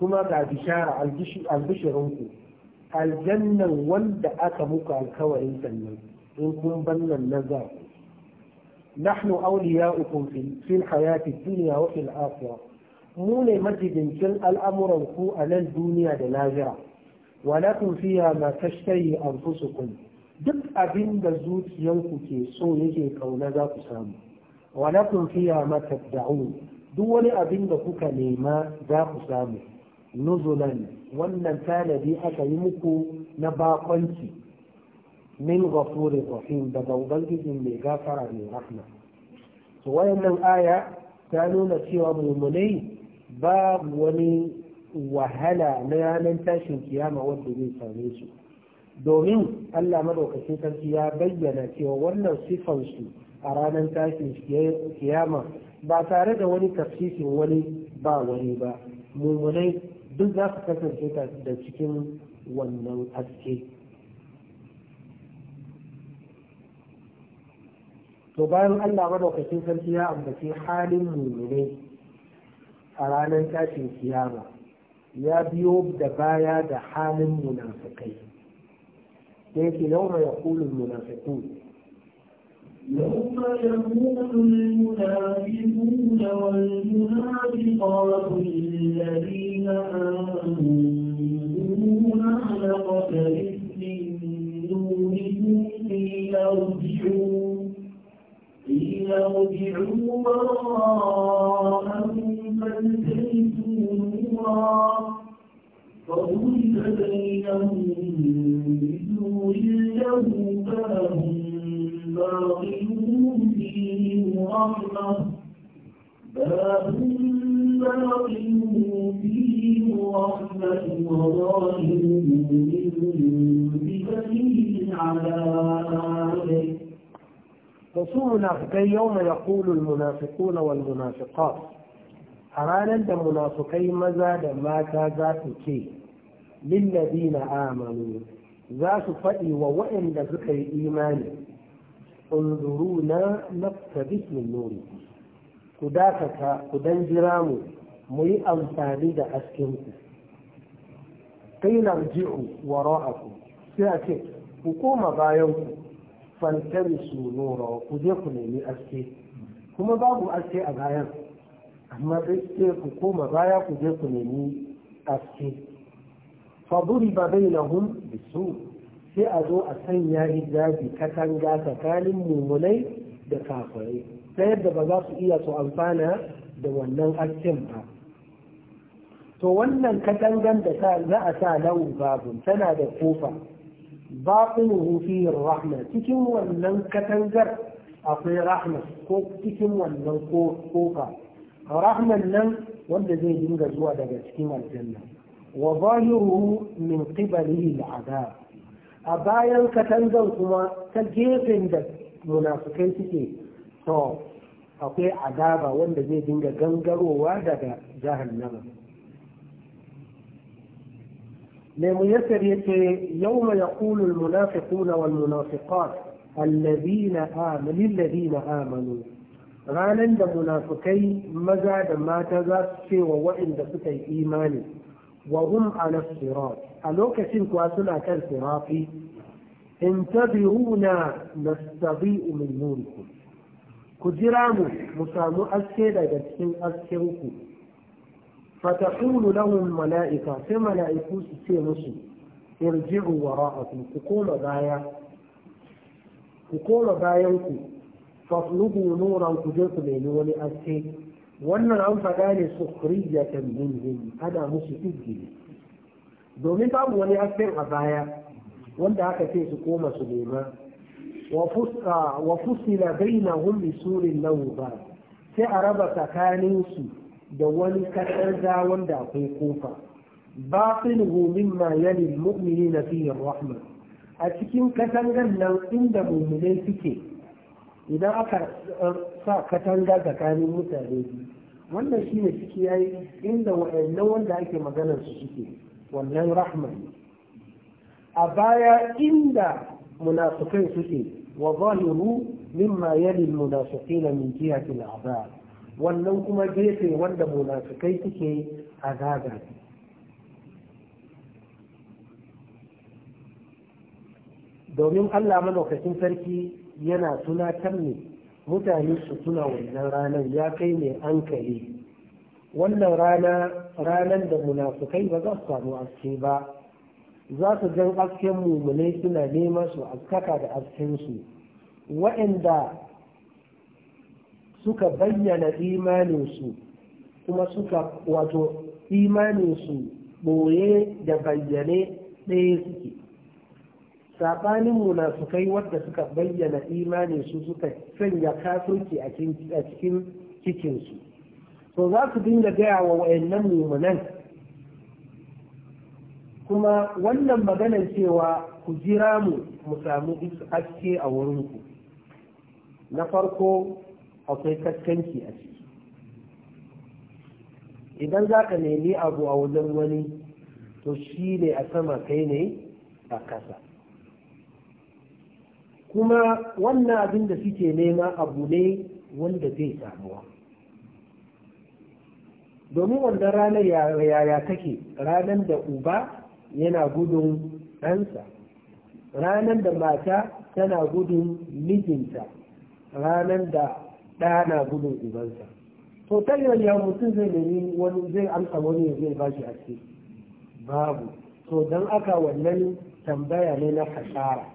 kuma ga bishara albishirunku aljannan wanda aka muku alkawarin sannan in kun bannan na za ku nahnu awliya'ukum fil hayati dunya wa fil akhirah mu ne majidincin al'amuran ku a nan duniya da lahira wa lakum fiha ma tashtahi anfusukum duk abin da zuciyanku ke so yake kauna za ku samu wa lakum fiha ma tabda'un duk wani abin da kuka nema za ku samu nuzulan wannan tanadi aka yi muku na bakonci min ghafurin rahim daga ubangijin mai gafara mai rahma to wayannan aya ta nuna cewa mumunai babu wani wahala na ranar tashin kiyama wanda zai same su domin Allah madaukakin sarki ya bayyana cewa wannan sifansu a ranar tashin kiyama ba tare da wani tafsirin wani ba wani ba mummunai duk za ka kasance da cikin wannan haske to bayan Allah madaukakin sarki ya ambaci halin muminai a ranar tashin kiyama ya biyo da baya da halin munafikai da yake yau mai yakulun munafikun يوم يقول المنافقون والمنافقات للذين آمنوا على قتل من دونهم قيل ارجعوا قيل ارجعوا وراءهم فالتمسوا نورا فضرب بينهم بنور له فهم باطنهم فيهم رحمة رسولنا في يوم يقول المنافقون والمنافقات a أنت منافقين مزادا ما da mata للذين آمنوا ce lillazina ووئن za إيماني unzuruna naftabis min nuri ku dakata ku dan jira mu mu yi amfani da askin ku kai narji'u wara'akum sai a ce ku koma bayan ku fantarisu nura ku je ku nemi aske kuma babu aske a bayan amma sai ku koma baya ku je ku nemi aske na bainahum bisu sai a zo a sanya hijabi katanga tsakanin mummunai da kafirai ta yadda ba za su iya su amfana da wannan askin ba to wannan katangan da za a sa lahu babun tana da kofa baqinuhu fihi rahma cikin wannan katangar akwai rahma ko cikin wannan kofa rahman nan wanda zai dinga zuwa daga cikin aljanna wa zahiruhu min qibalihi al'adab a bayan katangan kuma ta gefen da munafukai suke to akwai adaba wanda zai dinga gangarowa daga jahannama لميسر يوم يقول المنافقون والمنافقات الذين Labi na آمنوا ranar da munafukai maza da mata za su ce wa waɗanda suka yi imani wa hum ala sirat a lokacin kuwa suna kan sirafi intabiruna nastabi'u min nurikum ku jira mu mu samu aske daga cikin asken ku fataqulu lahum mala'ika sai mala'iku su ce musu irji'u wara'akum ku ku koma bayan ku fatlubu nuran ku je wani aske wannan an faɗa ne sukhriyatan minhum ana musu izgili domin babu wani hasken a baya wanda aka ce su koma su nema wa fusila bainahum bi surin lahu ba sai a raba tsakanin su da wani kadarda wanda akwai kofa batinuhu mimma yali almu'minina fihi rahma a cikin katangar nan inda mu'minai suke idan aka sa katanga tsakanin mutane wannan shi ne suke yayi inda wa'annan wanda ake maganar su suke wannan rahman. a baya inda munafikai suke wa zahiru mimma yalil munafiqina min jihati al-azab wannan kuma gefe wanda munafikai suke azaba domin Allah madaukakin sarki yana tunatar ne mutane su tuna wannan ranar ya kai ne an kare wannan rana ranar da munafukai ba za su samu aske ba za su jan asken mummunai suna nema su askaka da askensu waɗanda suka bayyana imaninsu kuma suka wato imaninsu ɓoye da bayyane ɗaya suke saɓanin munafukai wadda suka bayyana imanin su suka sanya kafirci a cikin cikinsu to za su dinga gaya wa wayannan mumunan kuma wannan maganar cewa ku jira mu mu samu haske a wurinku na farko akwai kaskanci a ciki idan za ka nemi abu a wajen wani to shi ne a sama kai ne a kasa kuma wannan abin da suke nema abu ne wanda zai samuwa domin wannan ranar yaya take ranar da uba yana gudun ɗansa ranar da mata tana gudun mijinta ranar da ɗa na gudun ubansa to ta ya mutum zai nemi wani zai amsa wani zai ba shi haske babu to don aka wannan tambaya ne na fasara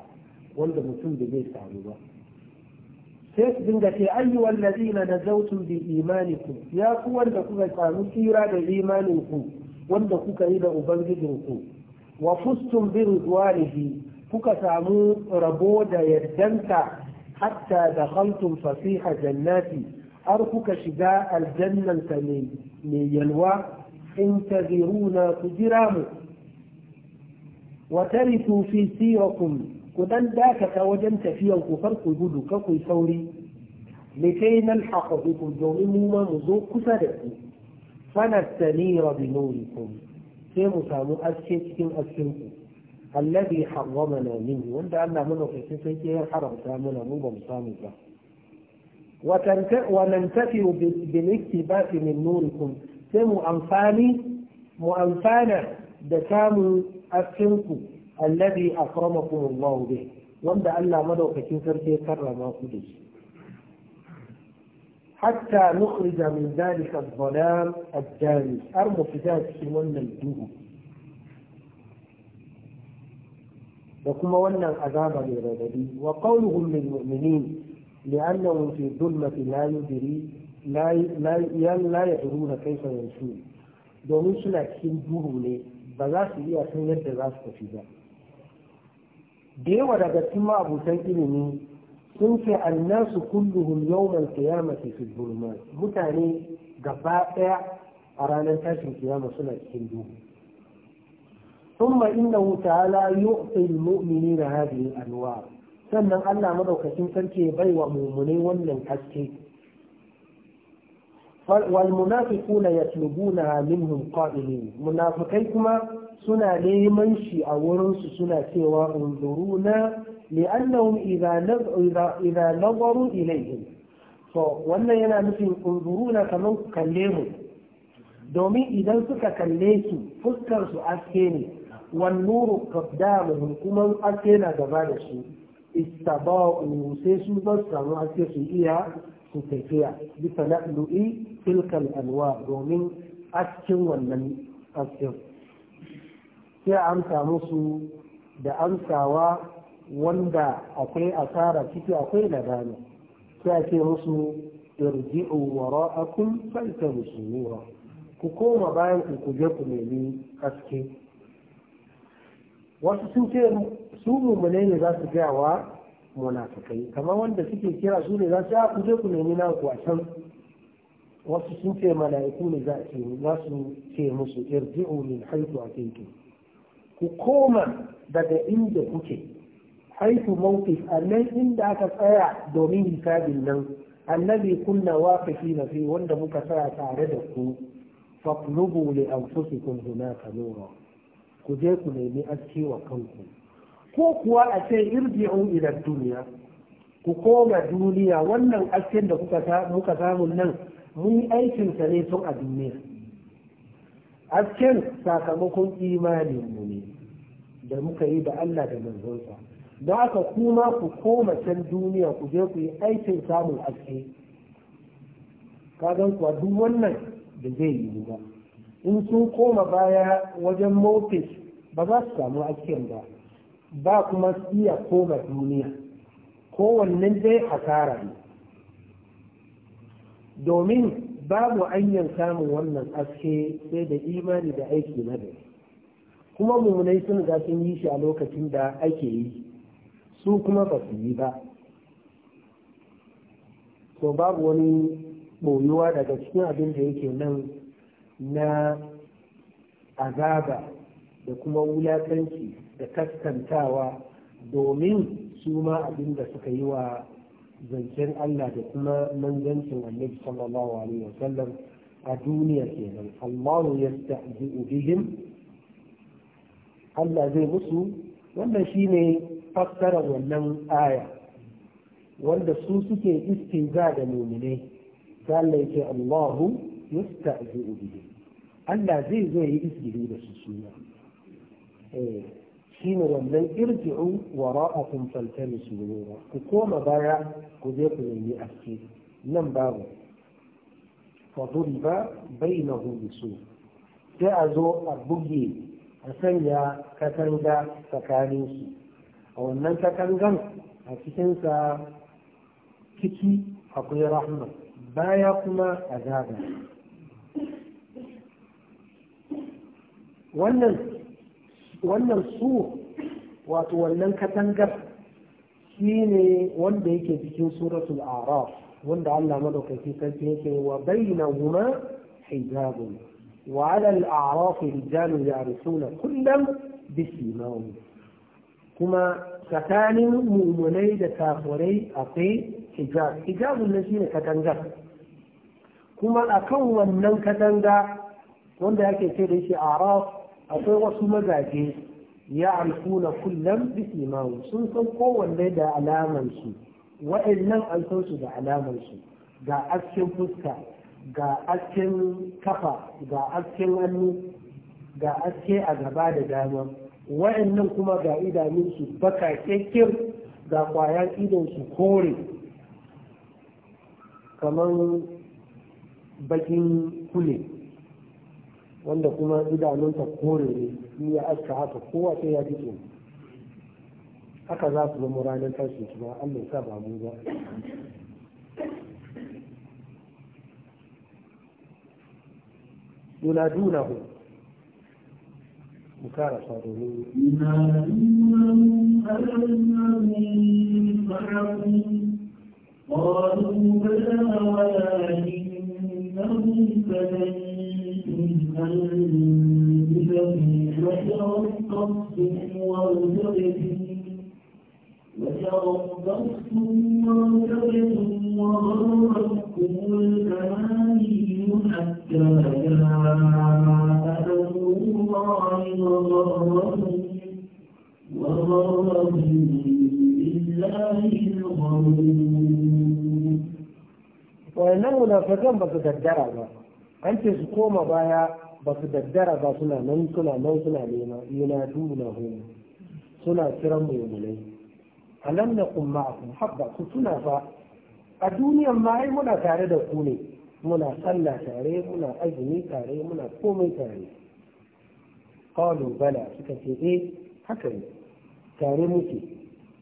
wanda mutum da zai samu ba sai su dinga ce ayyuwan lazina na zautun bi imanikum ya ku wanda kuka samu tsira da imaninku wanda kuka yi da ubangijinku wa fustum bi rizwanihi kuka samu rabo da yardanta hatta da khaltum fasiha jannati har kuka shiga aljannanta mai yalwa in taziruna ku jira mu wa tarifu fi sirakum ku dan dakata wajen tafiyan ku kar ku gudu kar ku sauri likai nan haƙa bikum domin mu ma mu zo kusa da ku fanastanira bi nurikum sai mu samu aske cikin askin ku alladhi harramana minhu wanda Allah mana kai sai ya haramta mana mu ba mu samu ba وننتفع بالاكتباس من نوركم سمو أنفاني مؤنفانا دسام أفنكم الذي أكرمكم الله به وأن ألا مدى وكتين سرتي كرم حتى نخرج من ذلك الظلام الدامي أرمو في ذلك من الدوه وكما ولنا العذاب لربدي وقولهم للمؤمنين لأنهم في ظلمة لا يدري لا لا لا يدرون كيف يمشون دومين سنة كين دوه ليه بلاس إيه أسنين يدرس كفي ذلك da yawa daga cikin ma'abutan ilimi sun ce annasu kulluhum yawmal qiyamati fi dhulumat mutane gaba daya a ranar tashin kiyama suna cikin duhu ثم إنه تعالى يعطي المؤمنين a nuwa, sannan Allah madaukakin sarki ya bai wa wannan haske والمنافقون يطلبونها منهم قائلين منافقيكما سنا ليمن شي اورنس سنا سيوا انظرونا لانهم اذا نظروا اذا نظروا اليهم so wannan yana nufin unzuruna na kalle mu domin idan suka kalle su fuskar su aske ne wan nuru qaddamu kuma aske na gaba da su istaba'u sai su zo su samu su iya su tafiya bisa na lu'i tilkal alwa domin askin wannan askin sai amsa musu da amsawa wanda akwai asara ciki akwai nadama sai ake musu irji'u wara'akum faltamu sunura ku koma bayan ku kuje ku nemi aske wasu sun ce su mummune ne za su gaya wa munafikai kamar wanda suke kira su ne za su ah, ku je ku nemi na ku a can wasu sun ce mala'iku ne za su ce musu irji'u min haitu a kinki ku koma daga inda kuke haitu mawqif annan inda aka tsaya domin hisabin nan annabi kunna waqifina fi wanda muka tsaya tare da ku faqlubu li anfusikum hunaka nura ku je ku nemi aski wa kanku ko kuwa a ce irbi'u ila duniya ku koma duniya wannan asken da kuka muka samu nan mun yi aikin sa ne tun a duniya asken sakamakon imanin mu ne da muka yi da Allah da manzonsa don haka kuma ku koma can duniya ku je ku yi aikin samun aske kagan kuwa duk wannan da zai yi ba in sun koma baya wajen motis ba za su samu asken ba ba kuma siya koma duniya wannan dai asara ne domin babu anyan samun wannan aske sai da imani da aiki na da kuma mummunai sun ga sun yi shi a lokacin da ake yi su kuma ba su yi ba to babu wani boyuwa daga cikin abin da yake nan na azaba da kuma wulakanci da kaskantawa domin su ma abin da suka yi wa zancen Allah da kuma manzancin annabi sallallahu alaihi sallam a duniya kenan Allah ya sta'ji'u bihim Allah zai musu wannan shine fassara wannan aya wanda su suke istinza da mu'mine Allah yake Allahu yasta'ji'u bihim Allah zai zo yi isgiri da su suna eh shine wannan irji'u wara'akum faltamisu nura ku koma baya ku je ku nemi aske nan babu fa duriba bainahu bisu sai a zo a buge a sanya katanga tsakanin su a wannan katangan a cikinsa kiki akwai rahma baya kuma azaba wannan wannan su wato wannan katangar shi ne wanda yake cikin suratul araf wanda Allah madaukaki sarki yake wa huma hijabun wa ala al-a'raf rijalun kullum kullam bisimahum kuma tsakanin mumunai da kafirai akwai hijab hijabun nan shine katangar kuma akan wannan katanga wanda yake ce da shi araf akwai wasu mazaje ya alfuna kullum bi mawu sun san kowanne da alamansu wa'annan an san su da alamansu ga asken fuska ga asken kafa ga asken hannu ga aske a gaba da dama wa'annan kuma ga idanunsu baka kyakkyar ga kwayan idonsu kore kamar bakin kule wanda kuma idanunta kore ne in ya aska haka kowa sai ya fito haka za su zama ranar tashin kuma an sa ba mu ba ku, mu karasa domin yunadunahu قالوا بلى ولكنهم فلن وتربصتم وارتبتم وغرتكم الاماني حتى جاء امر الله وغركم وغركم بالله الغرور وإنه منافقا بس تدرى an ce su koma baya ba su daddara ba suna nan suna nan suna nema yana duna suna kiran mummunai a nan na kuma a kuma habba ku suna fa a duniyan ma ai muna tare da ku ne muna sallah tare muna azumi tare muna komai tare qalu bala suka ce eh haka ne tare muke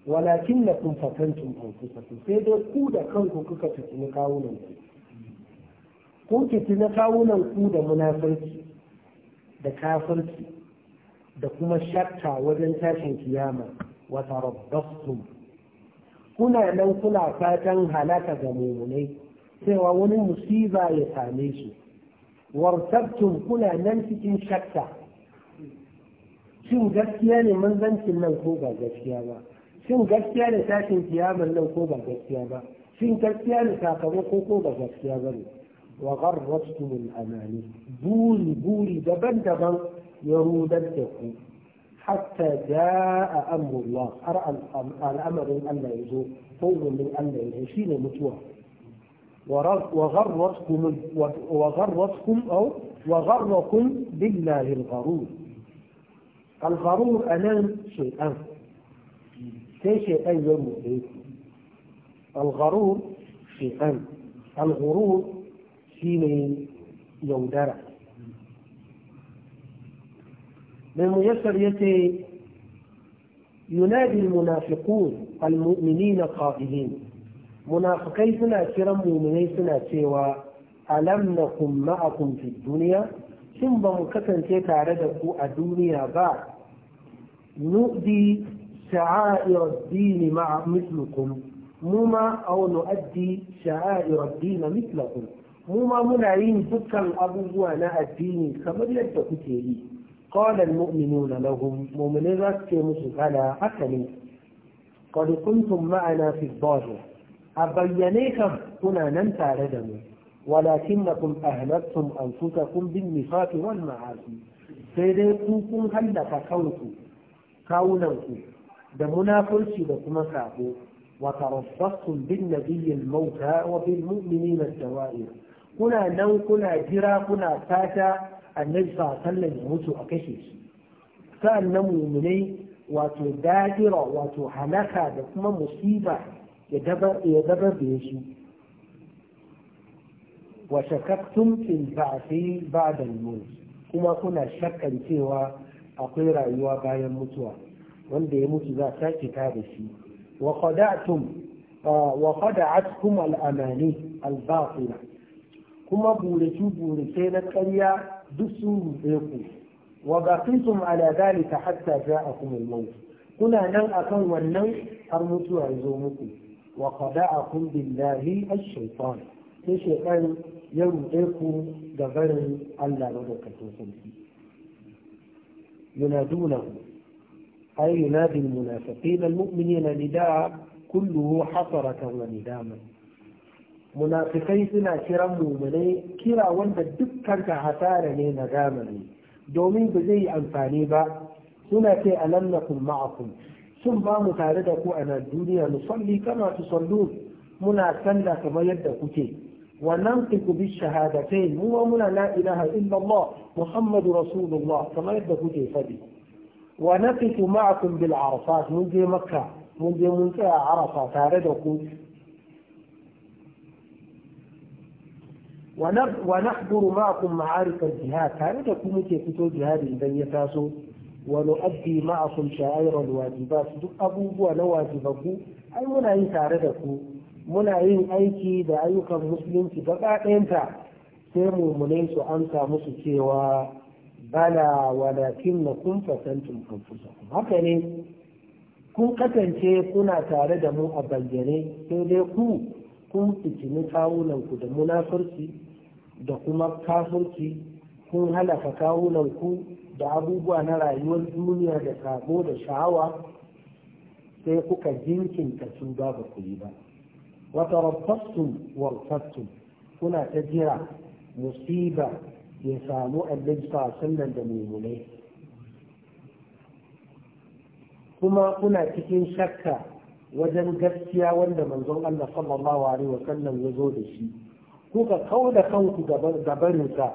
walakin na kun fatantum tun, sai dai ku da kanku kuka tafi kawunan ku ko ki na kawunan ku da munafurci da kafirci da kuma shakka wajen tashin kiyama wa tarabbastum kuna nan kuna fatan halaka ga mumunai cewa wani musiba ya same su wartabtum kuna nan cikin shakka shin gaskiya ne manzancin nan ko ba gaskiya ba shin gaskiya ne tashin kiyaman nan ko ba gaskiya ba shin gaskiya ne sakamako ko ba gaskiya ba ne وغرتكم الأماني بول بول دبن دبن يرود حتى جاء أمر الله أرى الأمر ألا يزول فوز من ان يعيشين متوى وغرتكم وغرتكم أو وغركم بالله الغرور الغرور أنام شيئان سي شيئان يوم الغرور شيئان الغرور shine yaudara mai muyassar ya ce yunadi munafiqun almu'minina qa'ilin munafikai suna kiran muminai suna cewa alam nakum ma'akum fi dunya shin ba mu kasance tare da ku a duniya ba nu'di sha'a'ir ad-din ma'a mithlukum mu ma aw nu'addi sha'a'ir ad-din mithlukum mu ma muna yin dukkan abubuwa na addini kamar yadda قال المؤمنون لهم مؤمن رسكم سبحانا حكمي قد كنتم معنا في الضاجر أبينيكم كنا ننتع لدم ولكنكم أهلتم أنفسكم بالنفاق والمعاصي سيديكوكم هلك كونكم كونكم دمنا كل شيء لكم وتربصتم بالنبي الموتى وبالمؤمنين الدوائر kuna nan kuna jira kuna fata annabi sa sallan ya mutu a kashe shi sa'annan muminai wato da'ira wato halaka da kuma musiba ya dabar da shi wa shakaktum fil ba'thi ba'da al kuma kuna shakkan cewa akwai rayuwa bayan mutuwa wanda ya mutu za ta da shi wa qada'tum wa qada'atkum al-amani al-batila kuma burace-burace na ƙarya duk sun rufe ku wa baqitum ala zalika hatta ja'akum al-maut kuna nan akan wannan har mutuwa ya zo muku wa qada'akum billahi ash-shaytan sai shaytan ya rufe ku da barin Allah madaukakin sarki yunadunahu ay yunadi al-munafiqina al-mu'minina nidaa kulluhu hasaratan wa nidaman munafikai suna kiran mumune kira wanda dukkan ka hasara ne na zamani domin ba zai yi amfani ba suna ce a lakum ma'akum sun ba mu tare da ku a nan duniya mu salli kama su sallu muna sanda kamar yadda kuke wa nantiku bi shahadatain mu wa muna la ilaha illallah muhammadu rasulullah kamar yadda kuke fadi wa nafitu ma'akum bil arafat mun je makka mun je mun tsaya arafa tare da ku wa nahduru ma'akum ma'arif al-jihad tare da ku muke fito jihadi idan ya taso wa nu'addi ma'akum sha'air al-wajibat duk abubuwa na wajibaku ai muna yin tare da ku muna yin aiki da ayyukan musulunci gaba ɗayanta sai mummunai su amsa musu cewa bala walakin na kun fasantum anfusakum haka ne kun kasance kuna tare da mu a bayyane sai dai ku kun fitini kawunanku da munafurci da kuma kafirci kun halaka kawunanku da abubuwa na rayuwar duniya da sabo da sha'awa sai kuka jinkinta su ba ba ku yi ba wata rabbattun warfattun kuna ta jira musiba ya samu a sannan da mummune kuma kuna cikin shakka wajen gaskiya wanda manzon Allah sallallahu alaihi wa sannan ya zo da shi kuka kau da kanku gabarinsa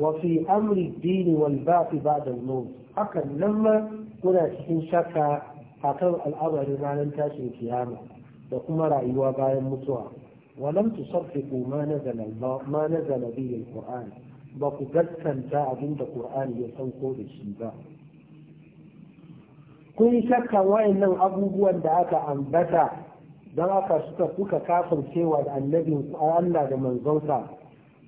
wa fi amri dini wal ba'thi ba'da al-maut hakan nan ma kuna cikin shakka akan al'amarin ranar tashin kiyama da kuma rayuwa bayan mutuwa tusaddiqu ma nazala ma nazala ما al-qur'an ba ku gaskanta abin da Qur'ani ya sauko da shi ba kun shakka wayannan abubuwan da aka ambata don haka suka kuka kafircewa da annabin Allah da manzonsa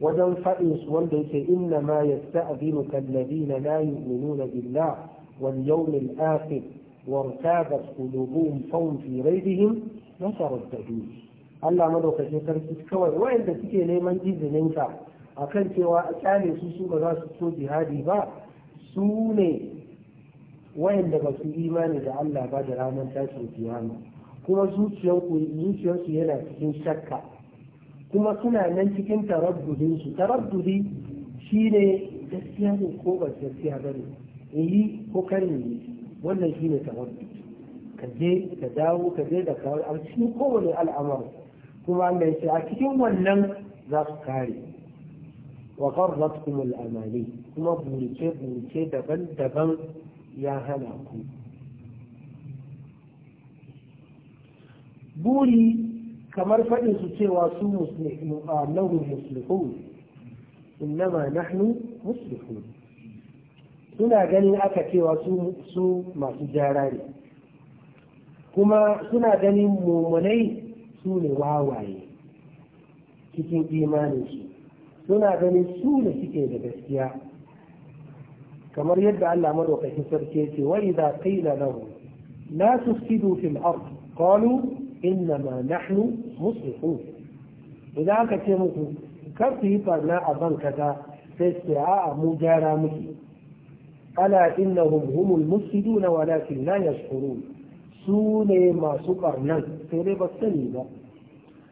wajen faɗin su wanda yake inna ma yasta'dinu kalladina la yu'minuna billah wal yawmil akhir wartabat qulubuhum fawm fi raydihim nasaru tadin Allah madaukakin sarki kawai wayanda suke neman jizininka akan cewa a kyale su su ba za su so jihadi ba su ne wayanda ba su imani da Allah ba da ranar tashin kiyama kuma zuciyarsu yana cikin shakka kuma suna nan cikin taraddudinsu taraddudi shi ne gaskiya ne ko ba gaskiya ba ne in yi ko kan yi wannan shi ne taraddudi ka je ka dawo ka je da kawai a cikin kowane al'amari kuma Allah ya a cikin wannan za su kare wa qarratkum al-amali kuma burice burice daban-daban ya hana ku buri kamar faɗin su cewa su lahum muslihun innama nahnu musulmi suna ganin aka cewa su masu jara ne kuma suna ganin mummunai su ne wawaye cikin imaninsu suna ganin su ne suke da gaskiya kamar yadda Allah madaukakin sarki ya ce wa idza qila lahum la tufsidu fil ard qalu إنما نحن مصلحون إذا كتير مصلحون كفي فرنا أبن في تسعى مجارا مصلح ألا إنهم هم المفسدون ولكن لا يشكرون. سوني ما سكر نل تريب السنين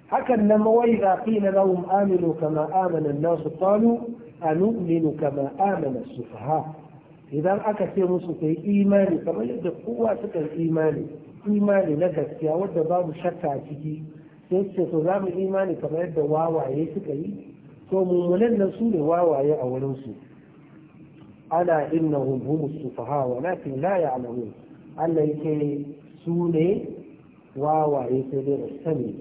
حكى النم وإذا قيل لهم آمنوا كما آمن الناس قالوا أنؤمن كما آمن السفهاء إذا أكثر من في إيمان فما يجب قوة الإيمان imani na gaskiya wadda babu shakka a ciki sai ce to za mu imani kamar yadda wawaye suka yi to mummunan nan su ne wawaye a wurinsu ala innahum hum sufaha walakin la ya'lamun Allah yake su ne wawaye sai dai sani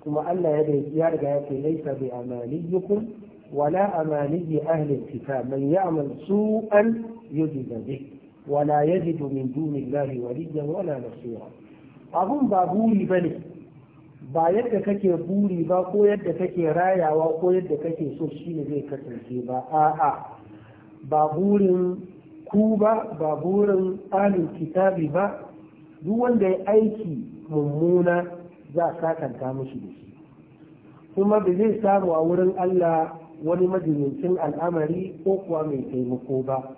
kuma Allah ya ya riga ya ce laisa bi amaniyikum wala amaniyi ahli kitab man ya'mal su'an yi bihi wala yajidu min dunillahi waliyan wala nasira abun ba buri bane ba yadda kake buri ba ko yadda kake rayawa ko yadda kake so shine zai kasance ba a'a ba burin ku ba ba burin alin kitabi ba duk wanda ya aiki mummuna za a sakanta mushi da shi kuma ba zai samu a wurin Allah wani majalisin al'amari ko kuwa mai taimako ba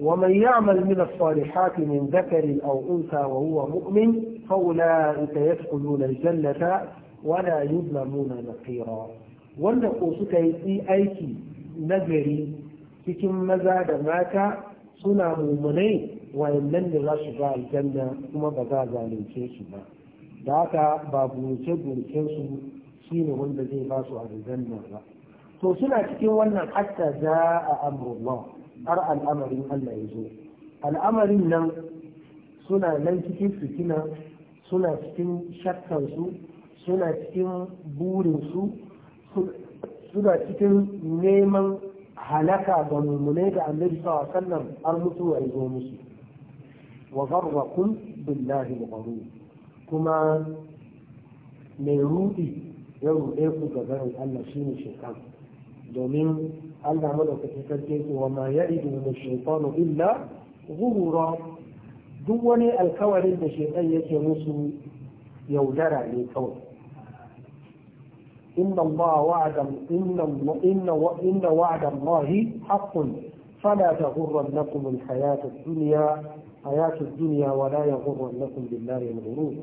ومن يعمل من الصالحات من ذكر أو أنثى وهو مؤمن فأولئك يدخلون الجنة ولا يظلمون نقيرا wanda ko suka yi aiki gari, cikin maza da mata suna mummunai wayannan da za su ga aljanna kuma ba za zalunce su ba da haka ba burce burcen su shine wanda zai ba su aljanna ba to suna cikin wannan hatta za a amrullah har al'amarin Allah ya zo al'amarin nan suna nan cikin fitina suna cikin shakkansu suna cikin burinsu suna cikin neman halaka ga mummune da annabi sawa sallam har mutuwa ya zo musu wa garrakum billahi al kuma mai rudi ya ruɗe ku ga garin Allah shine shekaru domin أن عملك تتجد وما يعد من الشيطان إلا غرورا دون الكوار الشيطان يتنس يودر للكوار إن الله وعد إن, إن, إن وعد الله حق فلا تغرنكم الحياة الدنيا حياة الدنيا ولا يغرنكم بالله الغرور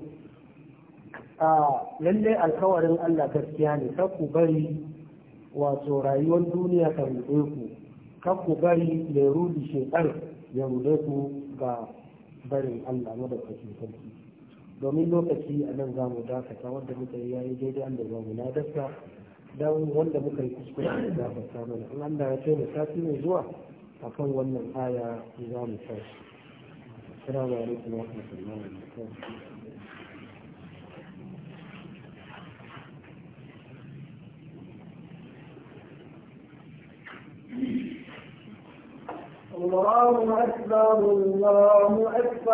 آه للي الكوار الله تسياني تكبري wato rayuwar duniya ta ruɗe ku kan ku bari mai rudi shekar ya ruɗe ku ga barin Allah madaukakin sarki domin lokaci a nan za mu dakata wanda muka yi yayi daidai an da za mu nadarsa don wanda muka yi kuskure da gafarta mana in Allah ya ce mu sati mai zuwa akan wannan aya za mu tashi. Assalamu alaikum wa rahmatullahi wa barakatuh. الله أكبر الله أكبر